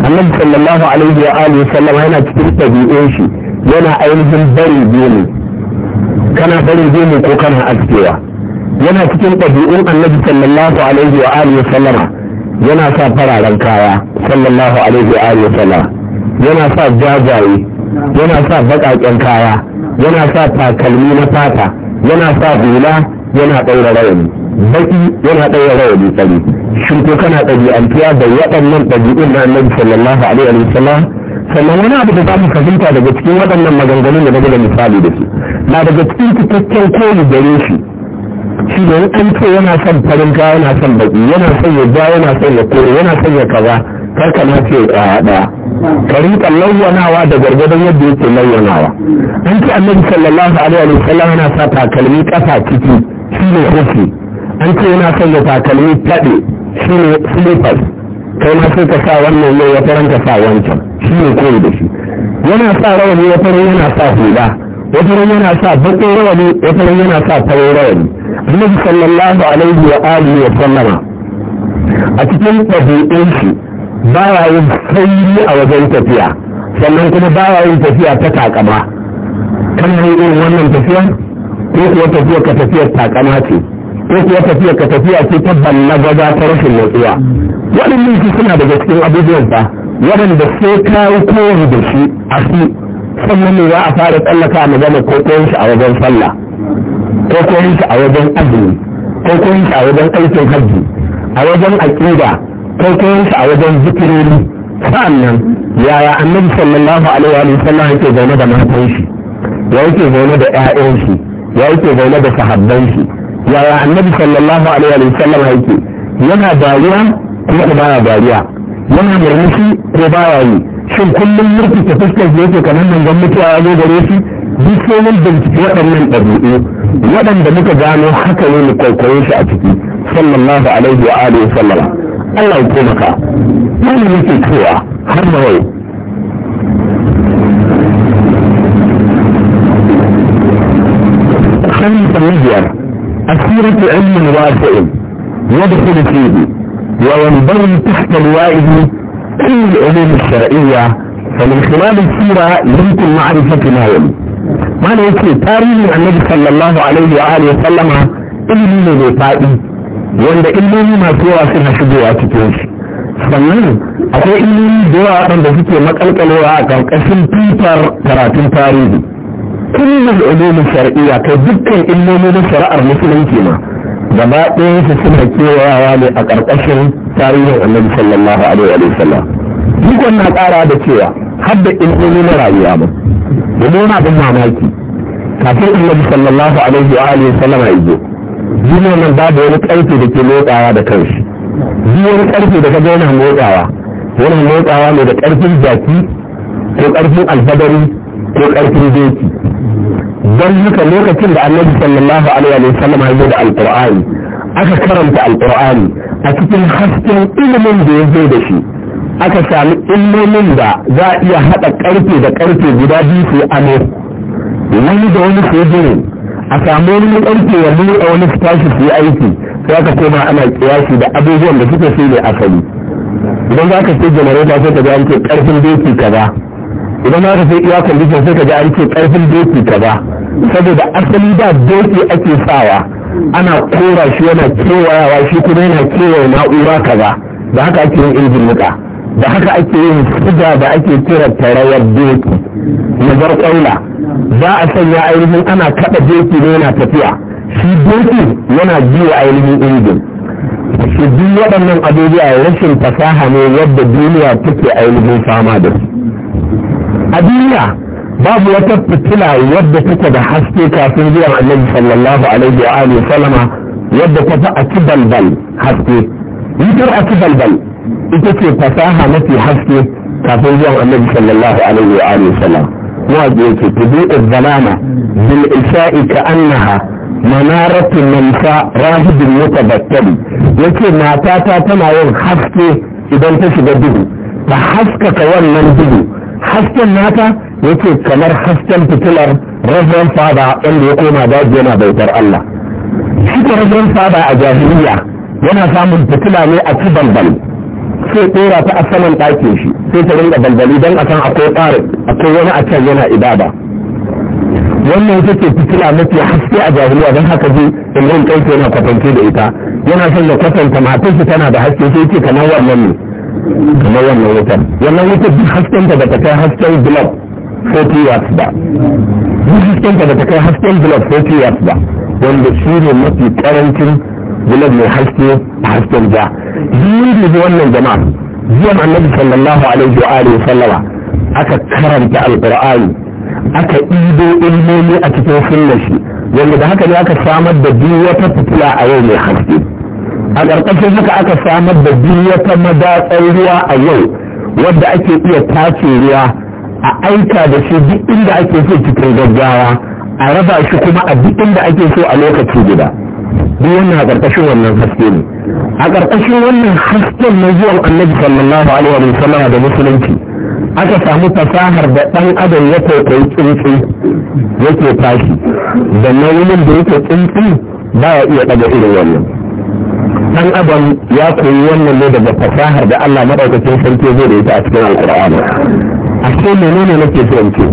annabi sallallahu alaihi wa alihi sallam yana cikin ɗabi'un shi yana ainihin bari gemu kana bari gemu ko kana askewa yana cikin ɗabi'un annabi sallallahu alaihi wa alihi sallama yana sa fararen kaya sallallahu alaihi wa alihi sallama yana sa jajaye yana sa baƙaƙen kaya yana sa takalmi na fata yana sa hula yana ɗaura rawani baki yana ɗaya rawani tsari shin ko kana ɗabi'antuwa da waɗannan ɗabi'un na annabi sallallahu alaihi wa sallam sannan wani abu da za mu fahimta daga cikin waɗannan maganganun da daga misali da su na daga cikin cikakken koyi gare shi shi ne an ce yana son farin ka yana son baki yana son ya ja yana son ya kore yana son ya kaza kar ka ce ɗaya ɗaya ka riƙa nawa da gargadon yadda yake layyanawa an ce annabi sallallahu alaihi wa sallam yana sa takalmi ƙasa ciki shi ne hufi an ce yana son ya takalmi faɗi shi ne slippers kai ma sai ka sa wannan yau ya faranta sa wancan shi ne koyi da shi yana sa rawani ya ran yana sa hula ya ran yana sa baƙin rawani ya ran yana sa farin rawani annabi sallallahu alaihi wa alihi wa sallama a cikin ɗabi'un shi ba ya yin sauri a wajen tafiya sannan kuma ba ya yin tafiya ta takama kan yi irin wannan tafiya ko kuwa tafiya ka tafiyar takama ce ko kuwa tafiya ka tafiya ce ta gaza ta rashin motsuwa waɗannan su suna daga cikin abubuwan ba waɗanda sai ka kowane da shi a su sannan ne za a fara tsallaka magana ko koyon shi a wajen sallah ko koyon shi a wajen azumi ko koyon shi a wajen aikin hajji a wajen aƙida ko koyon shi a wajen zikirori sa'annan yaya annabi sallallahu alaihi wa sallam yake zaune da matan shi ya yake zaune da 'ya'yan shi ya yake zaune da sahabban shi yaya annabi sallallahu alaihi wa sallam yake yana dariya kuma da baya dariya yana murmushi ko baya yi shin kullum murki ta fuskar da yake kamar manzon mutuwa ya zo gare shi duk sai mun bincike waɗannan ɗabi'u waɗanda muka gano haka ne mu kwaikwayo shi a ciki sallallahu alaihi wa alihi wa sallam Allah ya taimaka yana yake cewa har da yau kan sannan biyar غير علم واسع يدخل فيه وينضم تحت لوائه كل العلوم الشرعية فمن خلال السيرة يمكن معرفة ما يلي ما ليسي تاريخ النبي صلى الله عليه وآله وسلم علمي وفائي وعند علمي ما سوى في نشد واتكوش sannan akwai ilimi da yawa waɗanda suke makalkalewa a ƙarƙashin tutar karatun tarihi kullum ulumin shari'a kai dukkan ilmomi na shari'ar musulunci ma gaba ɗayan su suna kewayawa ne a ƙarƙashin tarihin annabi sallallahu alaihi wa sallam duk na ƙara da cewa har da ilmomi na rayuwa ba domin wani abin mamaki kafin annabi sallallahu alaihi wa sallam a izo. duniya nan babu wani ƙarfe da ke motsawa da kanshi duk wani ƙarfe da ka ga yana motsawa yana motsawa ne da ƙarfin jaki ko ƙarfin alfadari ko ƙarfin doki don haka lokacin da annabi sallallahu alaihi wa sallam ya da alqur'ani aka karanta alqur'ani a cikin hasken ilimin da ya zo da shi aka sami ilimin da za a iya haɗa ƙarfe da ƙarfe guda biyu su amo wani da wani su a samu wani ƙarfe ya buɗe wani su tashi su yi aiki sai aka koma ana kiyasi da abubuwan da suka sai ne asali idan za ka ce janareta sai ka ga an ce ƙarfin doki kaza idan ka sai iya kwallikin sai ka ji an ce doki kaza saboda asali da doki ake sawa ana kora shi yana kewayawa shi kuma yana kewaye na'ura kaza da haka ake yin injin nika da haka ake yin siga da ake kira tarawar doki nazar kwaila za a sanya ainihin ana kaɗa doki ne yana tafiya shi doki yana biyo ainihin injin shi duk waɗannan abubuwa rashin fasaha ne yadda duniya take ainihin fama da su a duniya babu wata fitila wadda take da haske kafin zuwan annabi sallallahu alaihi wa alihi sallama wadda ta fi aki balbal haske wutar aki balbal ita ce fasaha mafi haske kafin zuwan annabi sallallahu alaihi wa alihi sallam waje yake tudu zalama bil isha'i ka annaha manaratu mansa rahibin mutabattali yace matata tana yin haske idan ta shiga duhu ta haskaka wannan duhu hasken nata yake kamar hasken fitilar reverend fada wanda ya koma daji yana bautar Allah shi ta reverend a jahiliya yana samun fitila ne a ci balbal sai tsora ta a saman ɗakin shi sai ta ringa balbali don a san akwai akwai wani a can yana ibada wannan ita ce fitila mafi haske a jahiliya don haka ji imran kai yana kwatance da ita yana son ya kwatanta shi tana da haske sai ce kamar wannan ne na wannan wutan wannan wutar duk haskenta da ta kai hasken glove 40 watts ba duk haskenta da ta kai hasken glove 40 watts ba wanda shi ne mafi karancin glove mai haske a hasken ja yi ne wannan jama'a zuwan annabi sallallahu alaihi wa alihi sallama aka karanta alqur'ani aka ido ilmomi a cikin sunnar shi wanda da haka ne aka samar da duk wata fitila a yau mai haske a ƙarƙashin haka aka samar da duk wata madatsar ruwa a yau wadda ake iya tace ruwa a aika da shi duk inda ake so cikin gaggawa a raba shi kuma a duk inda ake so a lokaci guda duk wannan a ƙarƙashin wannan haske ne a ƙarƙashin wannan hasken na zuwan annabi sallallahu alaihi wa sallama da musulunci aka samu fasahar da ɗan adam ya kwaikwayi tsuntsu yake tashi da nauyin da yake tsuntsu ba ya iya ɗaga irin wannan dan adam ya koyi wannan ne daga fasahar da Allah madaukakin sarki zai da ita a cikin alqur'ani a ce menene nake so in ce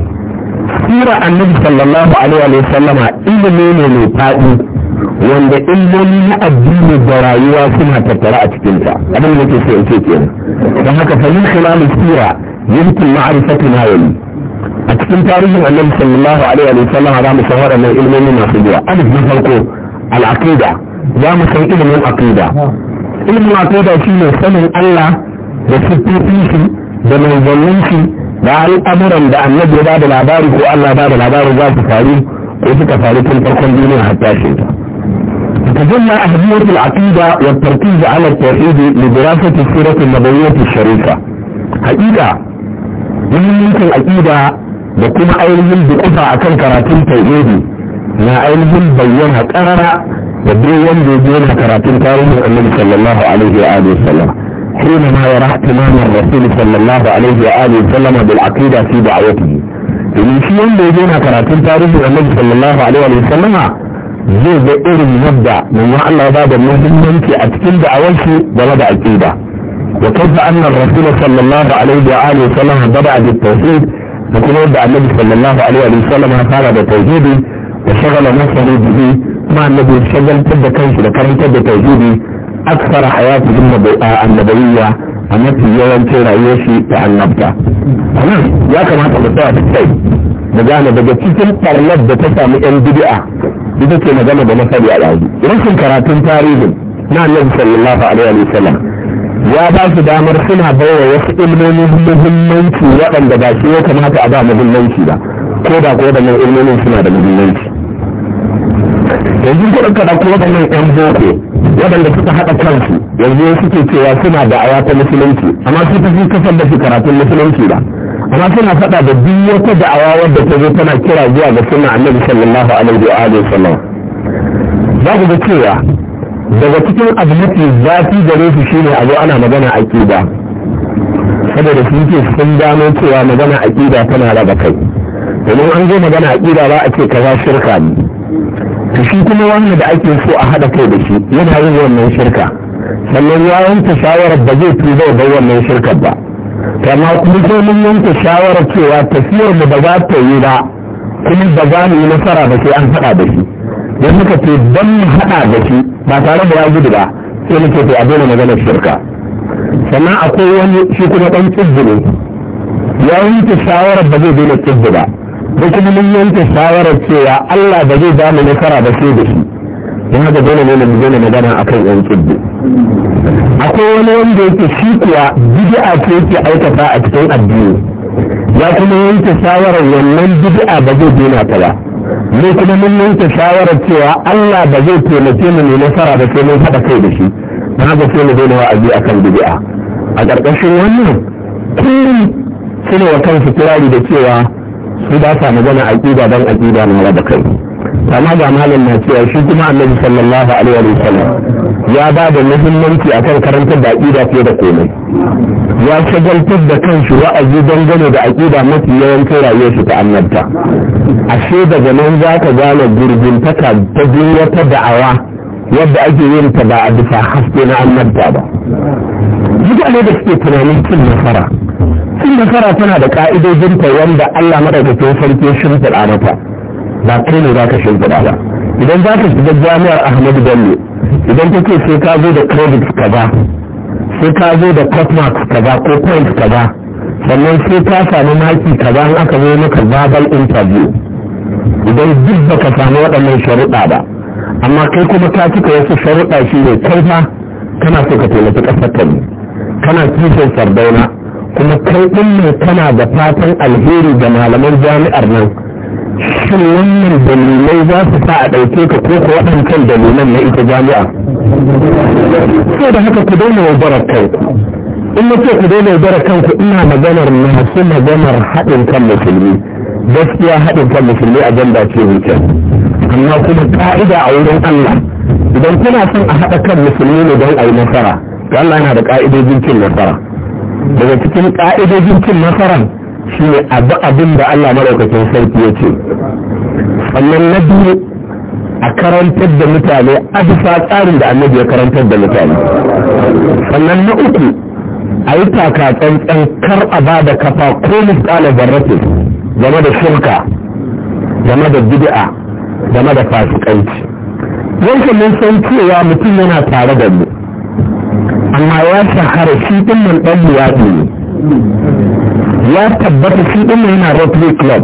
sura annabi sallallahu alaihi wa sallama ilimi ne mai fadi wanda illoli na addini da rayuwa suna tattara a cikin ta abin da nake so in ce kenan don haka fa min khilal sura yumkin ma'rifatu ma yali a cikin tarihin annabi sallallahu alaihi wa sallama za mu san waɗannan ilmomi masu zuwa alif na farko al'aqida za mu san ilimin aqida ilimin aqida shine sanin Allah da siffofin shi da manzannin shi da al'amuran da annabi ba da labari ko Allah ba da labari za su faru ko suka faru tun farkon duniya har tashin ta تدل أهمية العقيدة والتركيز على التوحيد لدراسة السيرة النبوية الشريفة حقيقة يمكن العقيدة بكون أيضا بقدرة أكل كراتين تأييدي na ainihin bayyana karara بدون يمضي بين كراتين كارم النبي صلى الله عليه وآله وسلم حينما يرى اهتمام الرسول صلى الله عليه وآله وسلم بالعقيدة في دعوته اللي في يمضي بين كراتين كارم النبي صلى الله عليه وآله وسلم زي بئر مبدع من وعلى باب المهم منك أتكلم دعوتي بلد عقيدة وكيف أن الرسول صلى الله عليه وآله وسلم بدع بالتوحيد فكل يبدأ النبي صلى الله عليه وآله وسلم قال بتوحيده وشغل نفسه به ma annabi shagaltar da kanshi da karantar da tauhidi aksara hayati annabawiyya a mafi yawancin rayuwar shi ta annabta anan ya kamata mu tsaya kai mu gane daga cikin ɓarnar da ta samu yan bid'a ita ce magana da masari a ɗazu rashin karatun tarihin na annabi sallallahu alaihi wa sallam ya basu damar suna baiwa wasu ilmomi muhimmanci waɗanda ba shi ya kamata a ba muhimmanci ba ko da ko da ilmomin suna da muhimmanci yanzu kuɗin ka ko waɗannan yan boko waɗanda suka haɗa kansu yanzu suke cewa suna da awa ta musulunci amma su ta fi kasar da su karatun musulunci ba amma suna faɗa da duk wata da'awa wadda ta zo tana kira zuwa ga sunan annabi sallallahu alaihi wa alihi wasallam za ku ga cewa daga cikin abu mafi zafi gare su shine a zo ana magana a ƙida saboda su yake sun gano cewa magana a ƙida tana raba kai domin an zo magana a ƙida ba a ce kaza shirka ne to shi kuma wannan da ake so a haɗa kai da shi yana yin wannan shirka sannan ya yanke shawarar ba zai tuba bai wannan shirkar ba kama kuma sai mun yanke shawarar cewa tafiyar mu ba za ta yi ba kuma ba za mu yi nasara ba sai an hada da shi don muka ce don mu haɗa da shi ba tare da ya gudu ba sai muke to a daina maganar shirka sannan akwai wani shi kuma ɗan tsibbi ne ya yanke shawarar ba zai daina tsibbi ba da kuma mun yanke shawarar cewa Allah ba zai ba mu nasara ba sai da shi don haka dole ne mu zo magana akan yan kibbi akwai wani wanda yake shi kuwa bid'a ce yake aikata a cikin addini ya kuma yanke shawarar wannan bid'a ba zai dena ta ba ne kuma mun yanke shawarar cewa Allah ba zai taimake mu ne nasara ba sai mun haɗa kai da shi don haka sai mu zo da wa'azi akan bid'a a ƙarƙashin wannan kullum suna wa kansu kirari da cewa su ba sa magana aƙida don aƙida na da kai amma ga malam na cewa shi kuma annabi sallallahu alaihi wa sallam ya ba da muhimmanci akan karantar da aƙida fiye da komai ya shagaltar da kanshi wa'azi dangane da aƙida mafi yawancin rayuwar shi ta annabta ashe daga nan za ka gane gurguntaka ta duk wata da'awa yadda ake yin ta ba a bisa haske na annabta ba mutane da suke tunanin cin nasara cin nasara tana da ka'idojinta wanda Allah madaukakin sarki shimfiɗa mata ba kai ne za ka shimfiɗa ba idan za ka shiga jami'ar Ahmadu Bello idan ce sai ka zo da credit ba, sai ka zo da cut ka ba ko point ka ba, sannan sai ka sami maki kaza in aka zo maka verbal interview idan duk ba ka sami waɗannan sharuɗa ba amma kai kuma ka cika wasu sharuɗa shi ne kai ma kana so ka taimaki ƙasar ka ne kana kishin sardauna kuma kai ɗin ne kana da fatan alheri ga malaman jami'ar nan shin wannan dalilai za su sa a ɗauke ka ko ko waɗancan dalilan na ita jami'a sai da haka ku daina yaudarar kai in na ce ku daina yaudarar kanku ina maganar masu maganar haɗin kan musulmi gaskiya haɗin kan musulmi a jan ce wuce amma kuma ka'ida a wurin allah idan kuna son a haɗa kan musulmi ne don a yi nasara to allah yana da ka'idojin cin nasara daga cikin ƙa'idojin cin nasaran shi ne abu abin da Allah maraukacin sarki ya ce sannan na biyu a karantar da mutane a bisa tsarin da annabi ya karantar da mutane sannan na uku a yi takatsantsan kar a ba da kafa ko misali zarrafe game da shirka game da bid'a game da fasikanci yankin mun san cewa mutum yana tare da mu amma ya shahara shi ɗin nan dan luwaɗi ne ya tabbata shi ɗin nan yana rotary club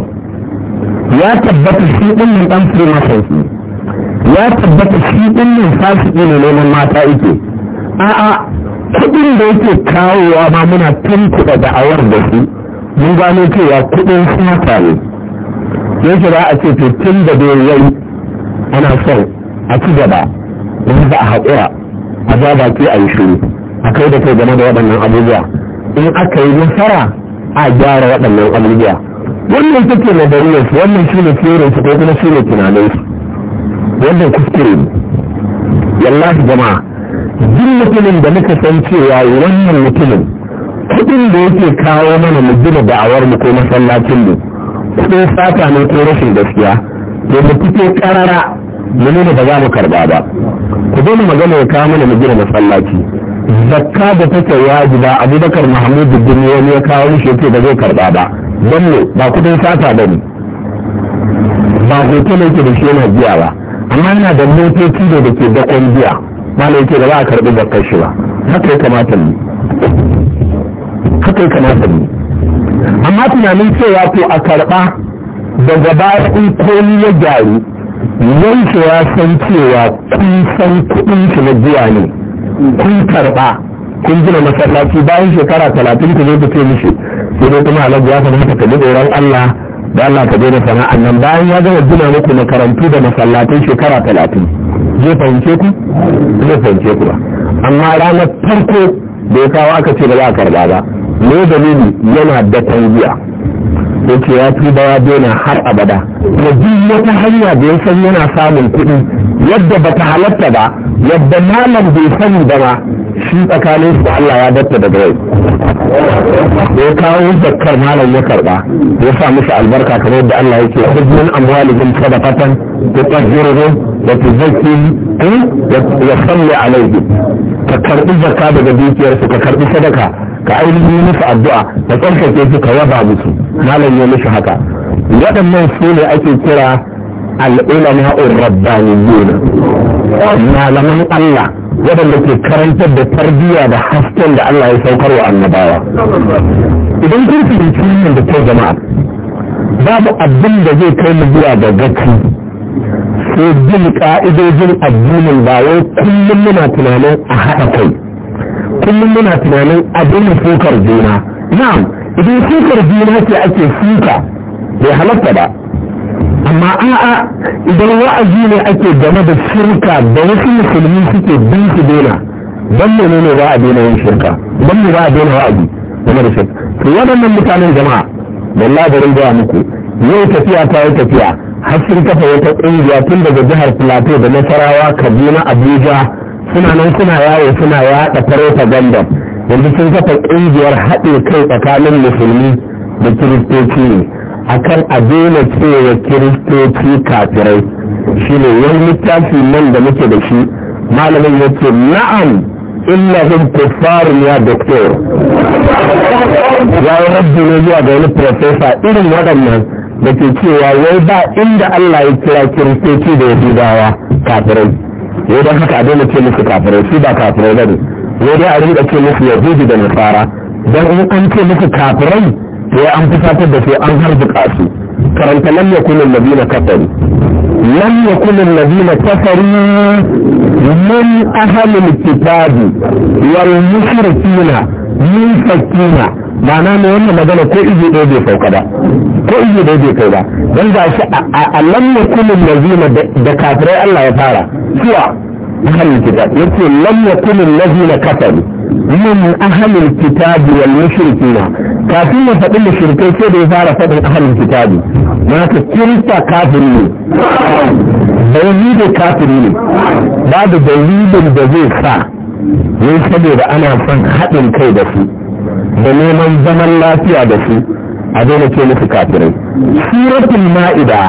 ya tabbata shi ɗin nan free masa ne ya tabbata shi ɗin nan fasiki ne neman mata yake a'a kuɗin da yake kawowa ma muna tun da'awar da shi mun gano cewa kuɗin sata ne yake ba a ce to tun da dai yayi ana son a ci gaba wanda a haƙura a ja baki a yi shiru a kai da kai game da waɗannan abubuwa in aka yi nasara a gyara waɗannan abubuwa wannan take na dariyar su wannan shi ne fiye su ko kuma shi ne tunanin su wannan kuskure ne yallahi jama'a duk mutumin da muka san cewa yi wannan mutumin kuɗin da yake kawo mana mu gina da'awar mu ko masallacin mu kuɗin sata ne ko rashin gaskiya to mu fito karara mu nuna ba za mu karba ba ku daina magana ya kawo mana da masallaci zakka da take wajiba abubakar mahmudu Wani ya kawo mishi yake da zai karba ba don ne ba kudin sata ba ne ba hoto ne yake da shi yana biya ba amma yana da motoci da ke dakon biya mana yake da ba a karbi zakkar shi ba haka ya kamata ne haka ya kamata ne amma tunanin cewa to a karba daga baya in komi ya gyaru yanke ya san cewa kun san kuɗin shi na jiya ne kun karba kun gina masallaci bayan shekara talatin ku zo ku ce mishi sai dai kuma alhaji ya kamata ka kalli tsoron Allah da Allah ka daina sana'an nan bayan ya gama gina muku makarantu da masallacin shekara talatin zai fahimce ku zai fahimce ku ba amma ranar farko da ya kawo aka ce ba za a karba ba ne dalili yana da tarbiya yake ya fi bawa dena har abada kuma duk wata hanya da ya san yana samun kuɗi yadda ba ta halatta ba yadda malam bai sani ba ma shi tsakanin su Allah ya datta daga yau ya kawo zakkar malam ya karba ya sa musu albarka kamar yadda Allah yake hujjin amwalihim sadaqatan tutahhiruhum da tuzaki in eh, ya salli alaihi ka karbi zakka daga dukiyarsu ka karbi sadaka ka ainihin musu addu'a ka tsarkake su ka yaba musu malam ya musu haka waɗannan su ne ake kira al'ulama urrabbaniyyun malaman Allah waɗanda ke karantar da tarbiyya da hasken da Allah ya saukar wa annabawa idan kun fahimci wannan da kyau jama'a babu abin da zai kai mu zuwa ga gaci sai bin ka'idojin addinin ba wai kullum muna tunanin a haɗa kai kullum muna tunanin abin sukar juna na'am idan sukar juna ce ake suka bai halatta ba amma a'a idan wa'azi ne ake game da shirka da wasu musulmi suke bin su daina don mene ne za a daina yin shirka don mu za a daina wa'azi game da shirka to waɗannan mutanen jama'a wallahi labarin gaya muku yau tafiya ta yi tafiya har sun kafa wata ƙungiya tun daga jihar plateau da nasarawa kaduna abuja suna nan suna yawo suna yaɗa farota gandam yanzu sun kafa ƙungiyar haɗin kai tsakanin musulmi da kiristoci ne akan a daina cewa kiristoci kafirai shi ne wani littafi nan da muke da shi malamin ya ce na'am illahum kuffarun ya doktor ya yi rabbi ne zuwa ga wani profesa irin waɗannan da ke cewa wai ba inda Allah ya kira kiristoci da yahudawa kafirai wai don haka a daina ce musu kafirai su ba kafirai ba ne wai dai a rinka ce musu zuji da nasara don in an ce musu kafirai to ya an fusatar da su an harzuka su karanta lamya yakun alladhina kafari لم يكن الذين كفروا من اهل الكتاب والمشركين من فكينا معنى ما يقولنا ما دانا كو ايجي فوق دا كو ايجي دودي فوق دا بل دا لم يكن الذين دكاتري الله يتارى سوى اهل الكتاب يقول لم يكن الذين كفروا min ahalin kitabi wal mushrikina kafin ya faɗi mushrikai sai da ya fara faɗin ahalin kitabi na ka kirista kafiri ne bauni da kafiri ne babu dalilin da zai sa ne saboda ana son haɗin kai da su da neman zaman lafiya da su a daina ke musu kafirai suratul ma'ida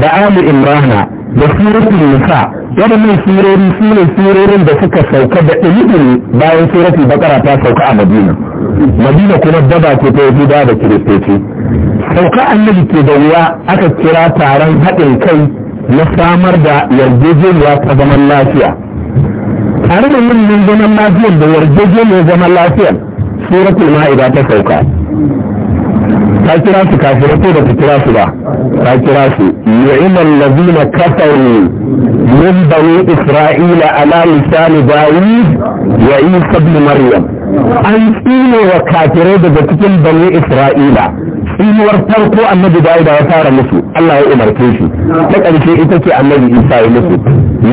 da ali imrana da suratul nisa waɗannan surori su ne surorin da suka sauka da ɗumi bayan suratul bakara ta sauka a madina madina kuma daba ce ta yi da kiristoci sauka annabi ke da wuya aka kira taron haɗin kai na samar da yarjejeniya ta zaman lafiya tare da yin zaman lafiyar da yarjejeniyar zaman lafiyar suratun ma'ida ta sauka ka kira su kafirai ko baka kira su ba ka kira su yu'imar lazina kafaru min bani isra'ila ala misali dawud wa maryam an tsine wa kafirai daga cikin bani isra'ila tsinuwar farko annabi dawud ya fara musu Allah ya umarce shi ta ƙarshe ita ce annabi isa ya musu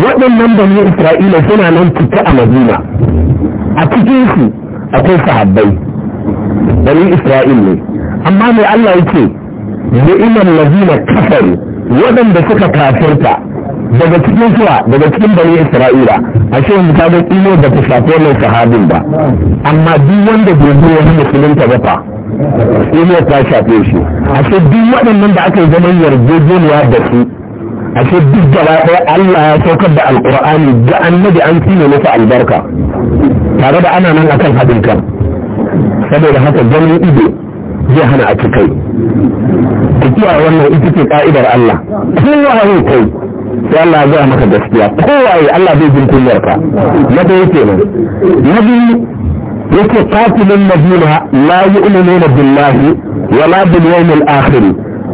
waɗannan bani isra'ila suna nan cika a madina a cikin su akwai sahabbai bani isra'il ne amma mai Allah yake da iman lazina kafaru waɗanda suka kafirta daga cikin suwa daga cikin bani isra'ila ashe mu ta ga tsino da ta shafi wannan sahabin ba amma duk wanda bai zo wani musulunta ba fa tsino ta shafe shi ashe duk waɗannan da aka yi zaman yarjejeniya da su ashe duk gaba ɗaya Allah ya saukar da alƙur'ani da annabi an tsine masa albarka tare da ana nan akan haɗin kan saboda haka ganin ido zai hana a ci tafiya wannan ita ce ka'idar Allah kowa zai kai sai Allah zai maka gaskiya kowaye Allah zai jin kunyar ka na da yake nan na biyu yake qatilul ladina la yu'minuna billahi wala bil yawmil akhir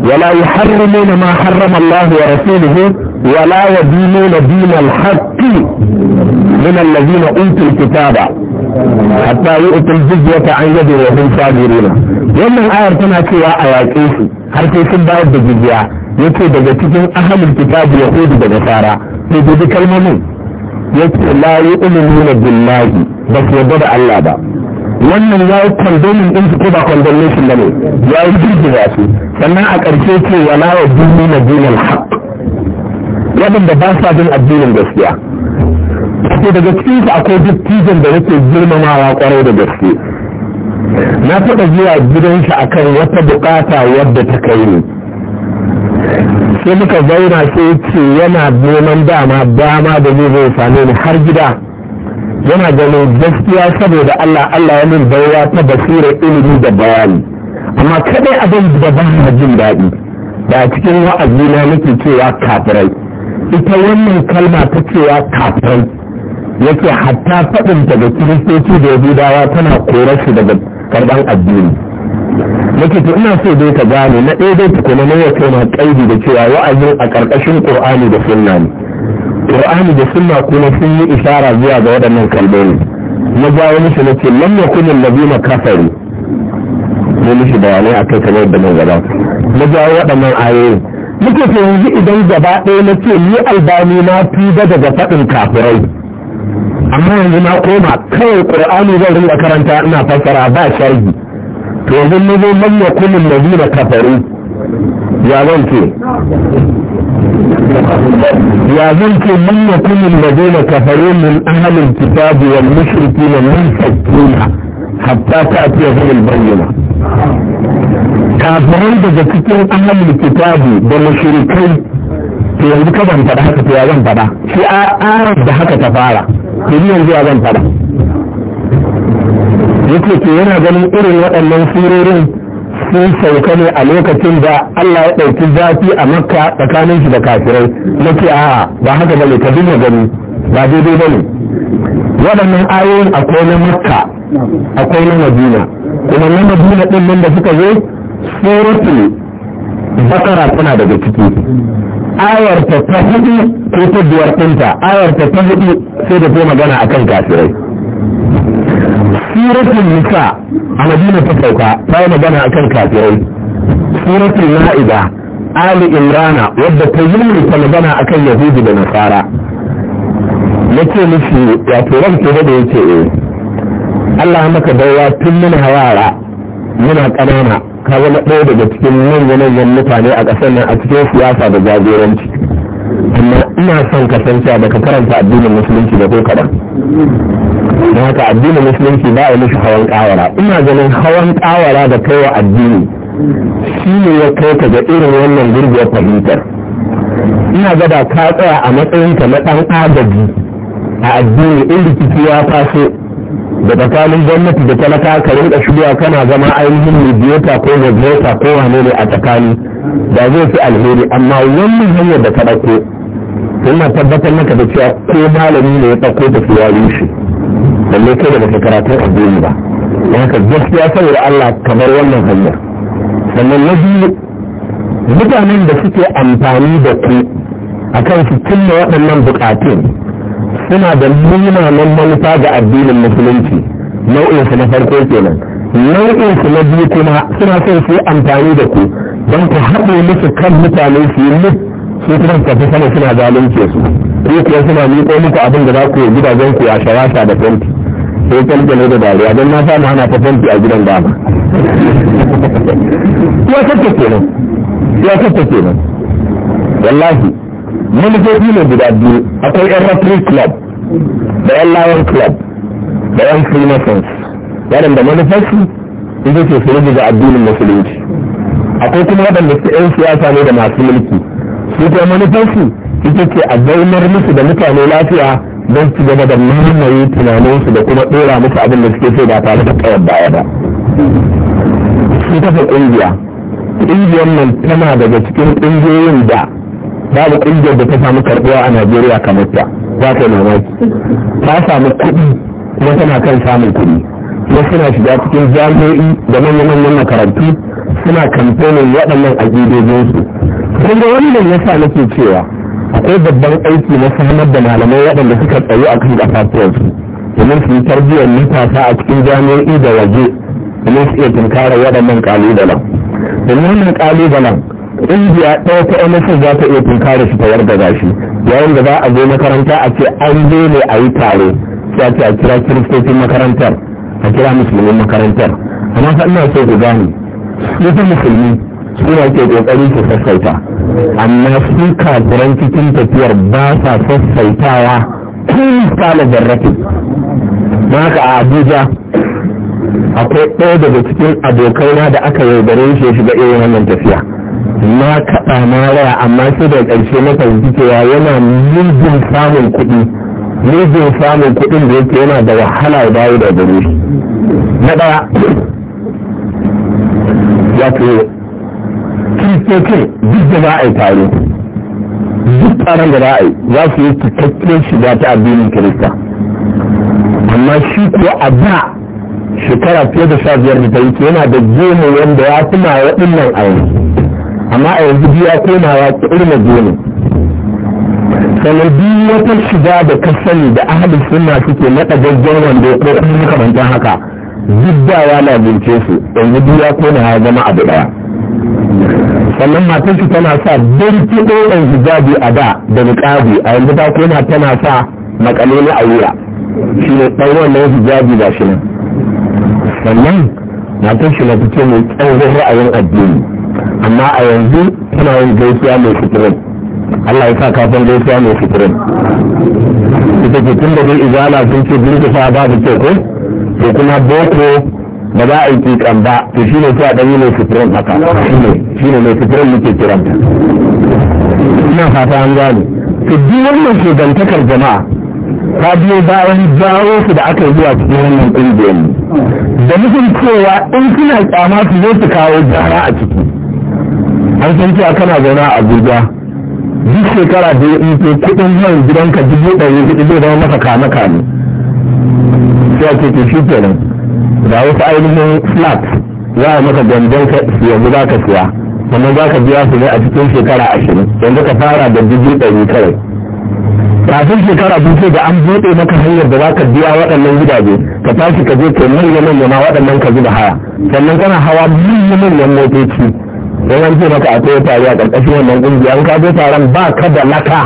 ولا يحرمون ما حرم الله ورسوله ولا يدينون دين الحق من الذين اوتوا الكتاب حتى يؤتوا الجزية عن يد وهم صاغرون wannan ayar tana cewa a yaƙe su har sai sun bayar da jizya yake daga cikin ahalin kitabu yahudu daga nasara sai dubi kalmomin yake la yu'minuna billahi ba su yarda da Allah ba wannan ya yi kwandomin ɗin su ko ba kwandomishin ba ne ya yi girgiza su sannan a ƙarshe ce wala wa dini na dinin haƙ waɗanda ba sa bin addinin gaskiya ko daga cikin su akwai tijin da yake girmamawa kwarai da gaske na taɓa zuwa gidan shi akan wata buƙata wadda ta kai ni sai muka zauna sai ce yana neman dama dama da zai zai same ni har gida yana ganin gaskiya saboda Allah Allah ya min baiwa ta basira ilimi da bayani amma kadai abin da ban jin daɗi da cikin wa'azi na nake cewa kafirai ita wannan kalma ta cewa kafirai yake hatta faɗin daga kiristoci da yahudawa tana korar shi daga karɓar addini nake to ina so dai ka gane na ɗaya dai tukuna na yau kai ma da cewa wa'azin a ƙarƙashin ƙur'ani da sunna ne qur'ani da sunna kuma sun yi isara zuwa ga waɗannan kalbai na jawo mishi na ce lam yakun allazina kafaru ne mishi bayanai akai kamar yadda mun gaba na jawo waɗannan ayoyi muke ce yanzu idan gaba ɗaya na ce ni albani na tuba daga faɗin kafirai amma yanzu na koma kawai qur'ani zan rinka karanta ina fassara ba sharhi to yanzu mun zo lam yakun allazina kafari. ya zan ce يا ذلك من يكون الذين كفروا من اهل الكتاب والمشركين منفكين حتى تاتيهم البينة كافرين بذا كتير اهل الكتاب والمشركين في عندك ان تدحك في اذن تدح في اعرف دحك تفعل في دي عندي اذن تدح يكلك ينا ذلك ارن وقال من سيرورين sun sauka ne a lokacin da Allah ya ɗauki zafi a makka tsakanin shi da kafirai nake a ba haka bane ka dinga gani ba daidai bane waɗannan ayoyin akwai na makka akwai na madina kuma na madina ɗin nan da suka zo suratul bakara tana daga ciki ayar ta ta hudu ko ta biyar ɗinta ayar ta ta hudu sai da ta magana akan kafirai suratun nisa a madina ta sauka ta yi magana kan kafirai suratul na'ida ali imrana wadda ta yi ta magana akan Yahudu da nasara mishi ya wato ke da ce e eh, Allah maka dawa tun muna yara muna ƙanana ka zama ɗaya daga cikin manya-manyan mutane a ƙasar nan a cikin siyasa da jagoranci amma ina son ka san cewa karanta addinin musulunci da ko kaɗan don haka addinin musulunci ba ya mishi hawan kawara ina ganin hawan kawara da kaiwa addini shi ne ya kai ka ga irin wannan gurguwar fahimtar ina gada ka tsaya a matsayinka na ɗan agaji a addini in rikici ya faso da tsakanin gwamnati da talaka ka rinka shigowa kana zama ainihin mediata ko mediata ko wane ne a tsakani da zai fi alheri amma wannan hanyar da ta ɗauko ina tabbatar maka da cewa ko malami ne ya ɗauko da tsiyari shi balle kai da baka karatun addini ba don haka gaskiya saboda Allah kamar wannan hanya. sannan na biyu mutanen da suke amfani da ku akan su cimma waɗannan buƙatun suna da munanan manufa ga addinin musulunci nau'insu na farko kenan nau'insu na biyu kuma suna son su amfani da ku don ku haɗe musu kan mutane su yi su kuma tafi sama suna zalunce su ko kuwa suna miƙo muku abin da za ku yi gidajen ku ya shawasha da fenti sai ne da dariya don na samu hana ta fenti a gidan dama ya kanta kenan ya kanta kenan wallahi manufofi ne guda biyu akwai yan rotary club da yan lion club da yan freemasons waɗanda manufarsu ita ce su rubuta addinin musulunci akwai kuma waɗanda su yan siyasa ne da masu mulki ita manufarsu ita ce a zaunar musu da mutane lafiya don su gaba da mamaye tunaninsu da kuma dora musu abin da suke so ba tare da kawar baya ba su kafa kungiya kungiyar nan tana daga cikin kungiyoyin da babu kungiyar da ta samu karbuwa a najeriya kamar ta za ta yi mamaki ta samu kuɗi kuma tana kan samun kuɗi kuma suna shiga cikin jami'o'i da manya-manyan makarantu suna kamfanin waɗannan aƙidojinsu kun ga wannan yasa nake cewa akwai babban aiki na samar da malamai waɗanda suka tsayu a kan ƙafafuwansu domin su yi tarbiyyar matasa a cikin jami'o'i da waje domin su iya tunkarar waɗannan ƙalubalen domin wannan ƙalubalen ƙungiya ɗaya ta ms za ta iya tunkarar su ta da shi yayin da za a zo makaranta a ce an zo ne a yi tare sai a ce a kira kiristocin makarantar a kira musulmin makarantar amma fa ina so ku gane su musulmi suna ke kokari su sassaita amma su kafiran cikin tafiyar ba sa sassaitawa kun misali zarrafi ba ka a abuja akwai ɗaya daga cikin abokaina da aka yaudare shi shiga irin wannan tafiya na kaɗa na raya amma sai da ƙarshe na fahimci cewa yana mugun samun kuɗi mugun samun kuɗin da yake yana da wahala ya dawo da gari. na ɗaya wato kiristocin duk da za a yi duk taron da za za su yi cikakken shiga ta addinin kirista amma shi kuwa a da shekara fiye da sha biyar da ta yi yana da gemu wanda ya kuma waɗannan aure amma a yanzu biya koma ya na gemu sannan duk wata shiga da ka sani da ahalin sunna suke naɗa gaggen wanda ya kuma makamantan haka duk da ya lalace su yanzu biya koma ya zama abu ɗaya sannan matan shi tana sa don ɗan hijabi a da da niƙabi a yanzu ko koma tana sa makaloli a wuya shi ne ɗan wannan hijabi ba shi nan sannan matan shi na fito mai tsaurin ra'ayin addini amma a yanzu tana yin gaisuwa mai fitirin Allah ya sa kafin gaisuwa mai fitirin ita ke tun da zai izala sun ce birkisa babu ce ko to kuma boko ba za a yi tsikan ba to shi ne sai a ɗanyi mai sufurin haka shi ne mai sufurin muke kiran ta nan fata an gane to duk wannan shugantakar jama'a ta biyo bayan jawo su da aka yi zuwa cikin wannan ƙungiyar da nufin cewa in suna kyama su zai su kawo gyara a ciki an san cewa kana zauna a abuja duk shekara da ya ɗin kuɗin man gidanka dubu ɗari hudu zai zama maka kame kame sai a ce to shi kenan Da wasu ainihin flat za a maka gandun ka yanzu za ka siya sannan za ka biya su ne a cikin shekara ashirin yanzu ka fara da dubu ɗari kawai kafin shekara biyu da an buɗe maka hanyar da za ka biya waɗannan gidaje ka tashi ka je ka manya manya ma waɗannan ka zuba haya sannan kana hawa manya manyan motoci don an ce maka a tari tare a ƙarƙashin wannan ƙungiya an ka zo taron ba ka da laka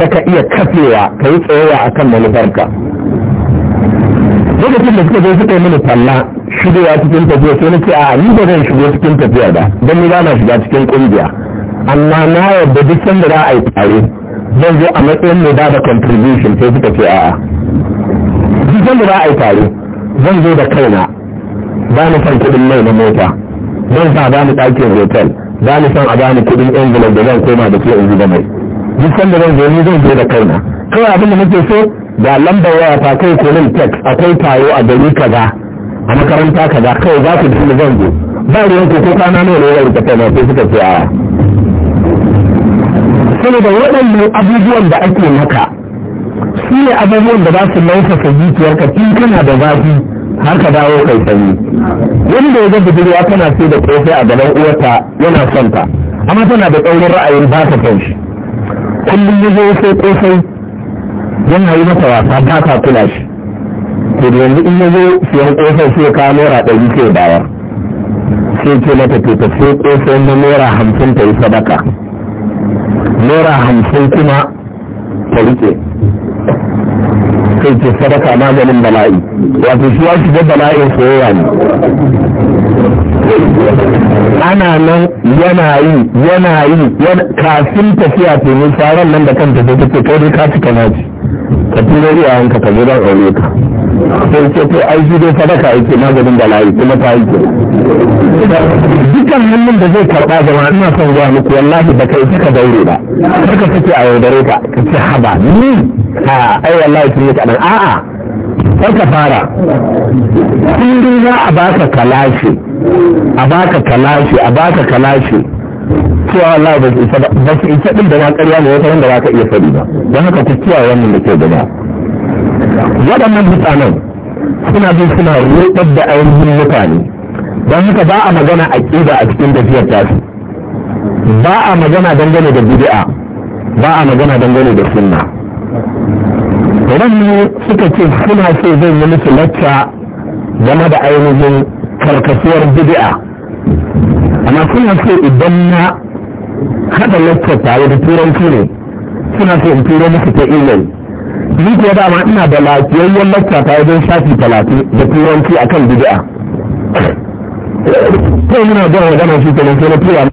ta ka iya kafewa ka yi tsayewa kan manufarka. lokacin da suka zo suka yi mini talla shigowa cikin tafiya sai na a ni ba zan shigo cikin tafiya ba don ni ba na shiga cikin kungiya amma na yarda duk sanda za a yi tare zan zo a matsayin mai ba da contribution sai suka ce a'a duk sanda za a yi tare zan zo da kaina ba ni san kuɗin mai na mota zan sa ba ni ɗakin hotel ba ni san a ba ni kuɗin envelope da zan koma da ke in zuba mai duk sanda zan zo ni zan zo da kaina kawai abin da nake so ga lambar waya ta kai kolin tek akwai tayo a gari kaza a makaranta kaza kawai za ku ji da zan je ba ruwan ko ko kana nawa ne ya rika kai sai suka ce a saboda waɗannan abubuwan da ake maka su ne abubuwan da za su laufasa zuciyarka tun kana da zafi har ka dawo kai sanyi wanda ya ga budurwa tana sai da kofi a gaban uwarta yana son ta amma tana da tsaurin ra'ayin ba ta kan shi kullum ya zo sai kofai yana yi masa wasa ba ka kula shi to da yanzu in yazo siyan kosai sai ka naira ɗari sai bayar sai ce mata to ta sai kofar na naira hamsin ta yi sadaka naira hamsin kuma ta rike kai ce sadaka maganin bala'i wato shi ya shiga bala'in soyayya ne ana nan yana yi yana yi kafin tafiya ta yi tsaron nan da kanta ta take kai dai ka cika naci ka turo riya hanka ka zo don aure ka sai ce ko ai shi dai sadaka yake maganin bala'i kuma ta yi dukkan hannun da zai karɓa jama'a ina son zuwa muku wallahi ba kai ka daure ba kar ka fice a yaudare ka ka ce haba ni a ai wallahi sun yi nan a'a sai ka fara kundin za a baka kalashi a baka kalashi a baka kalashi cewa Allah ba su isa ba su isa din da na karya ne wata wanda ba ka iya fadi ba don haka ku kiyaye wannan da ke gaba waɗannan mutanen suna bin suna roƙar da ainihin mutane don haka ba a magana aƙida a cikin tafiyar tasu ba a magana dangane da bid'a ba a magana dangane da sunna rannu suka ce suna so zan yi musu lacca game da ainihin karkasuwar bid'a amma suna so idan na haɗa lacca tare da turanci ne suna so in turo musu ta email ni ke dama ina da lafiyayyen lacca ta wajen shafi talatin da turanci akan bid'a sai muna jan magana shi kenan sai na tura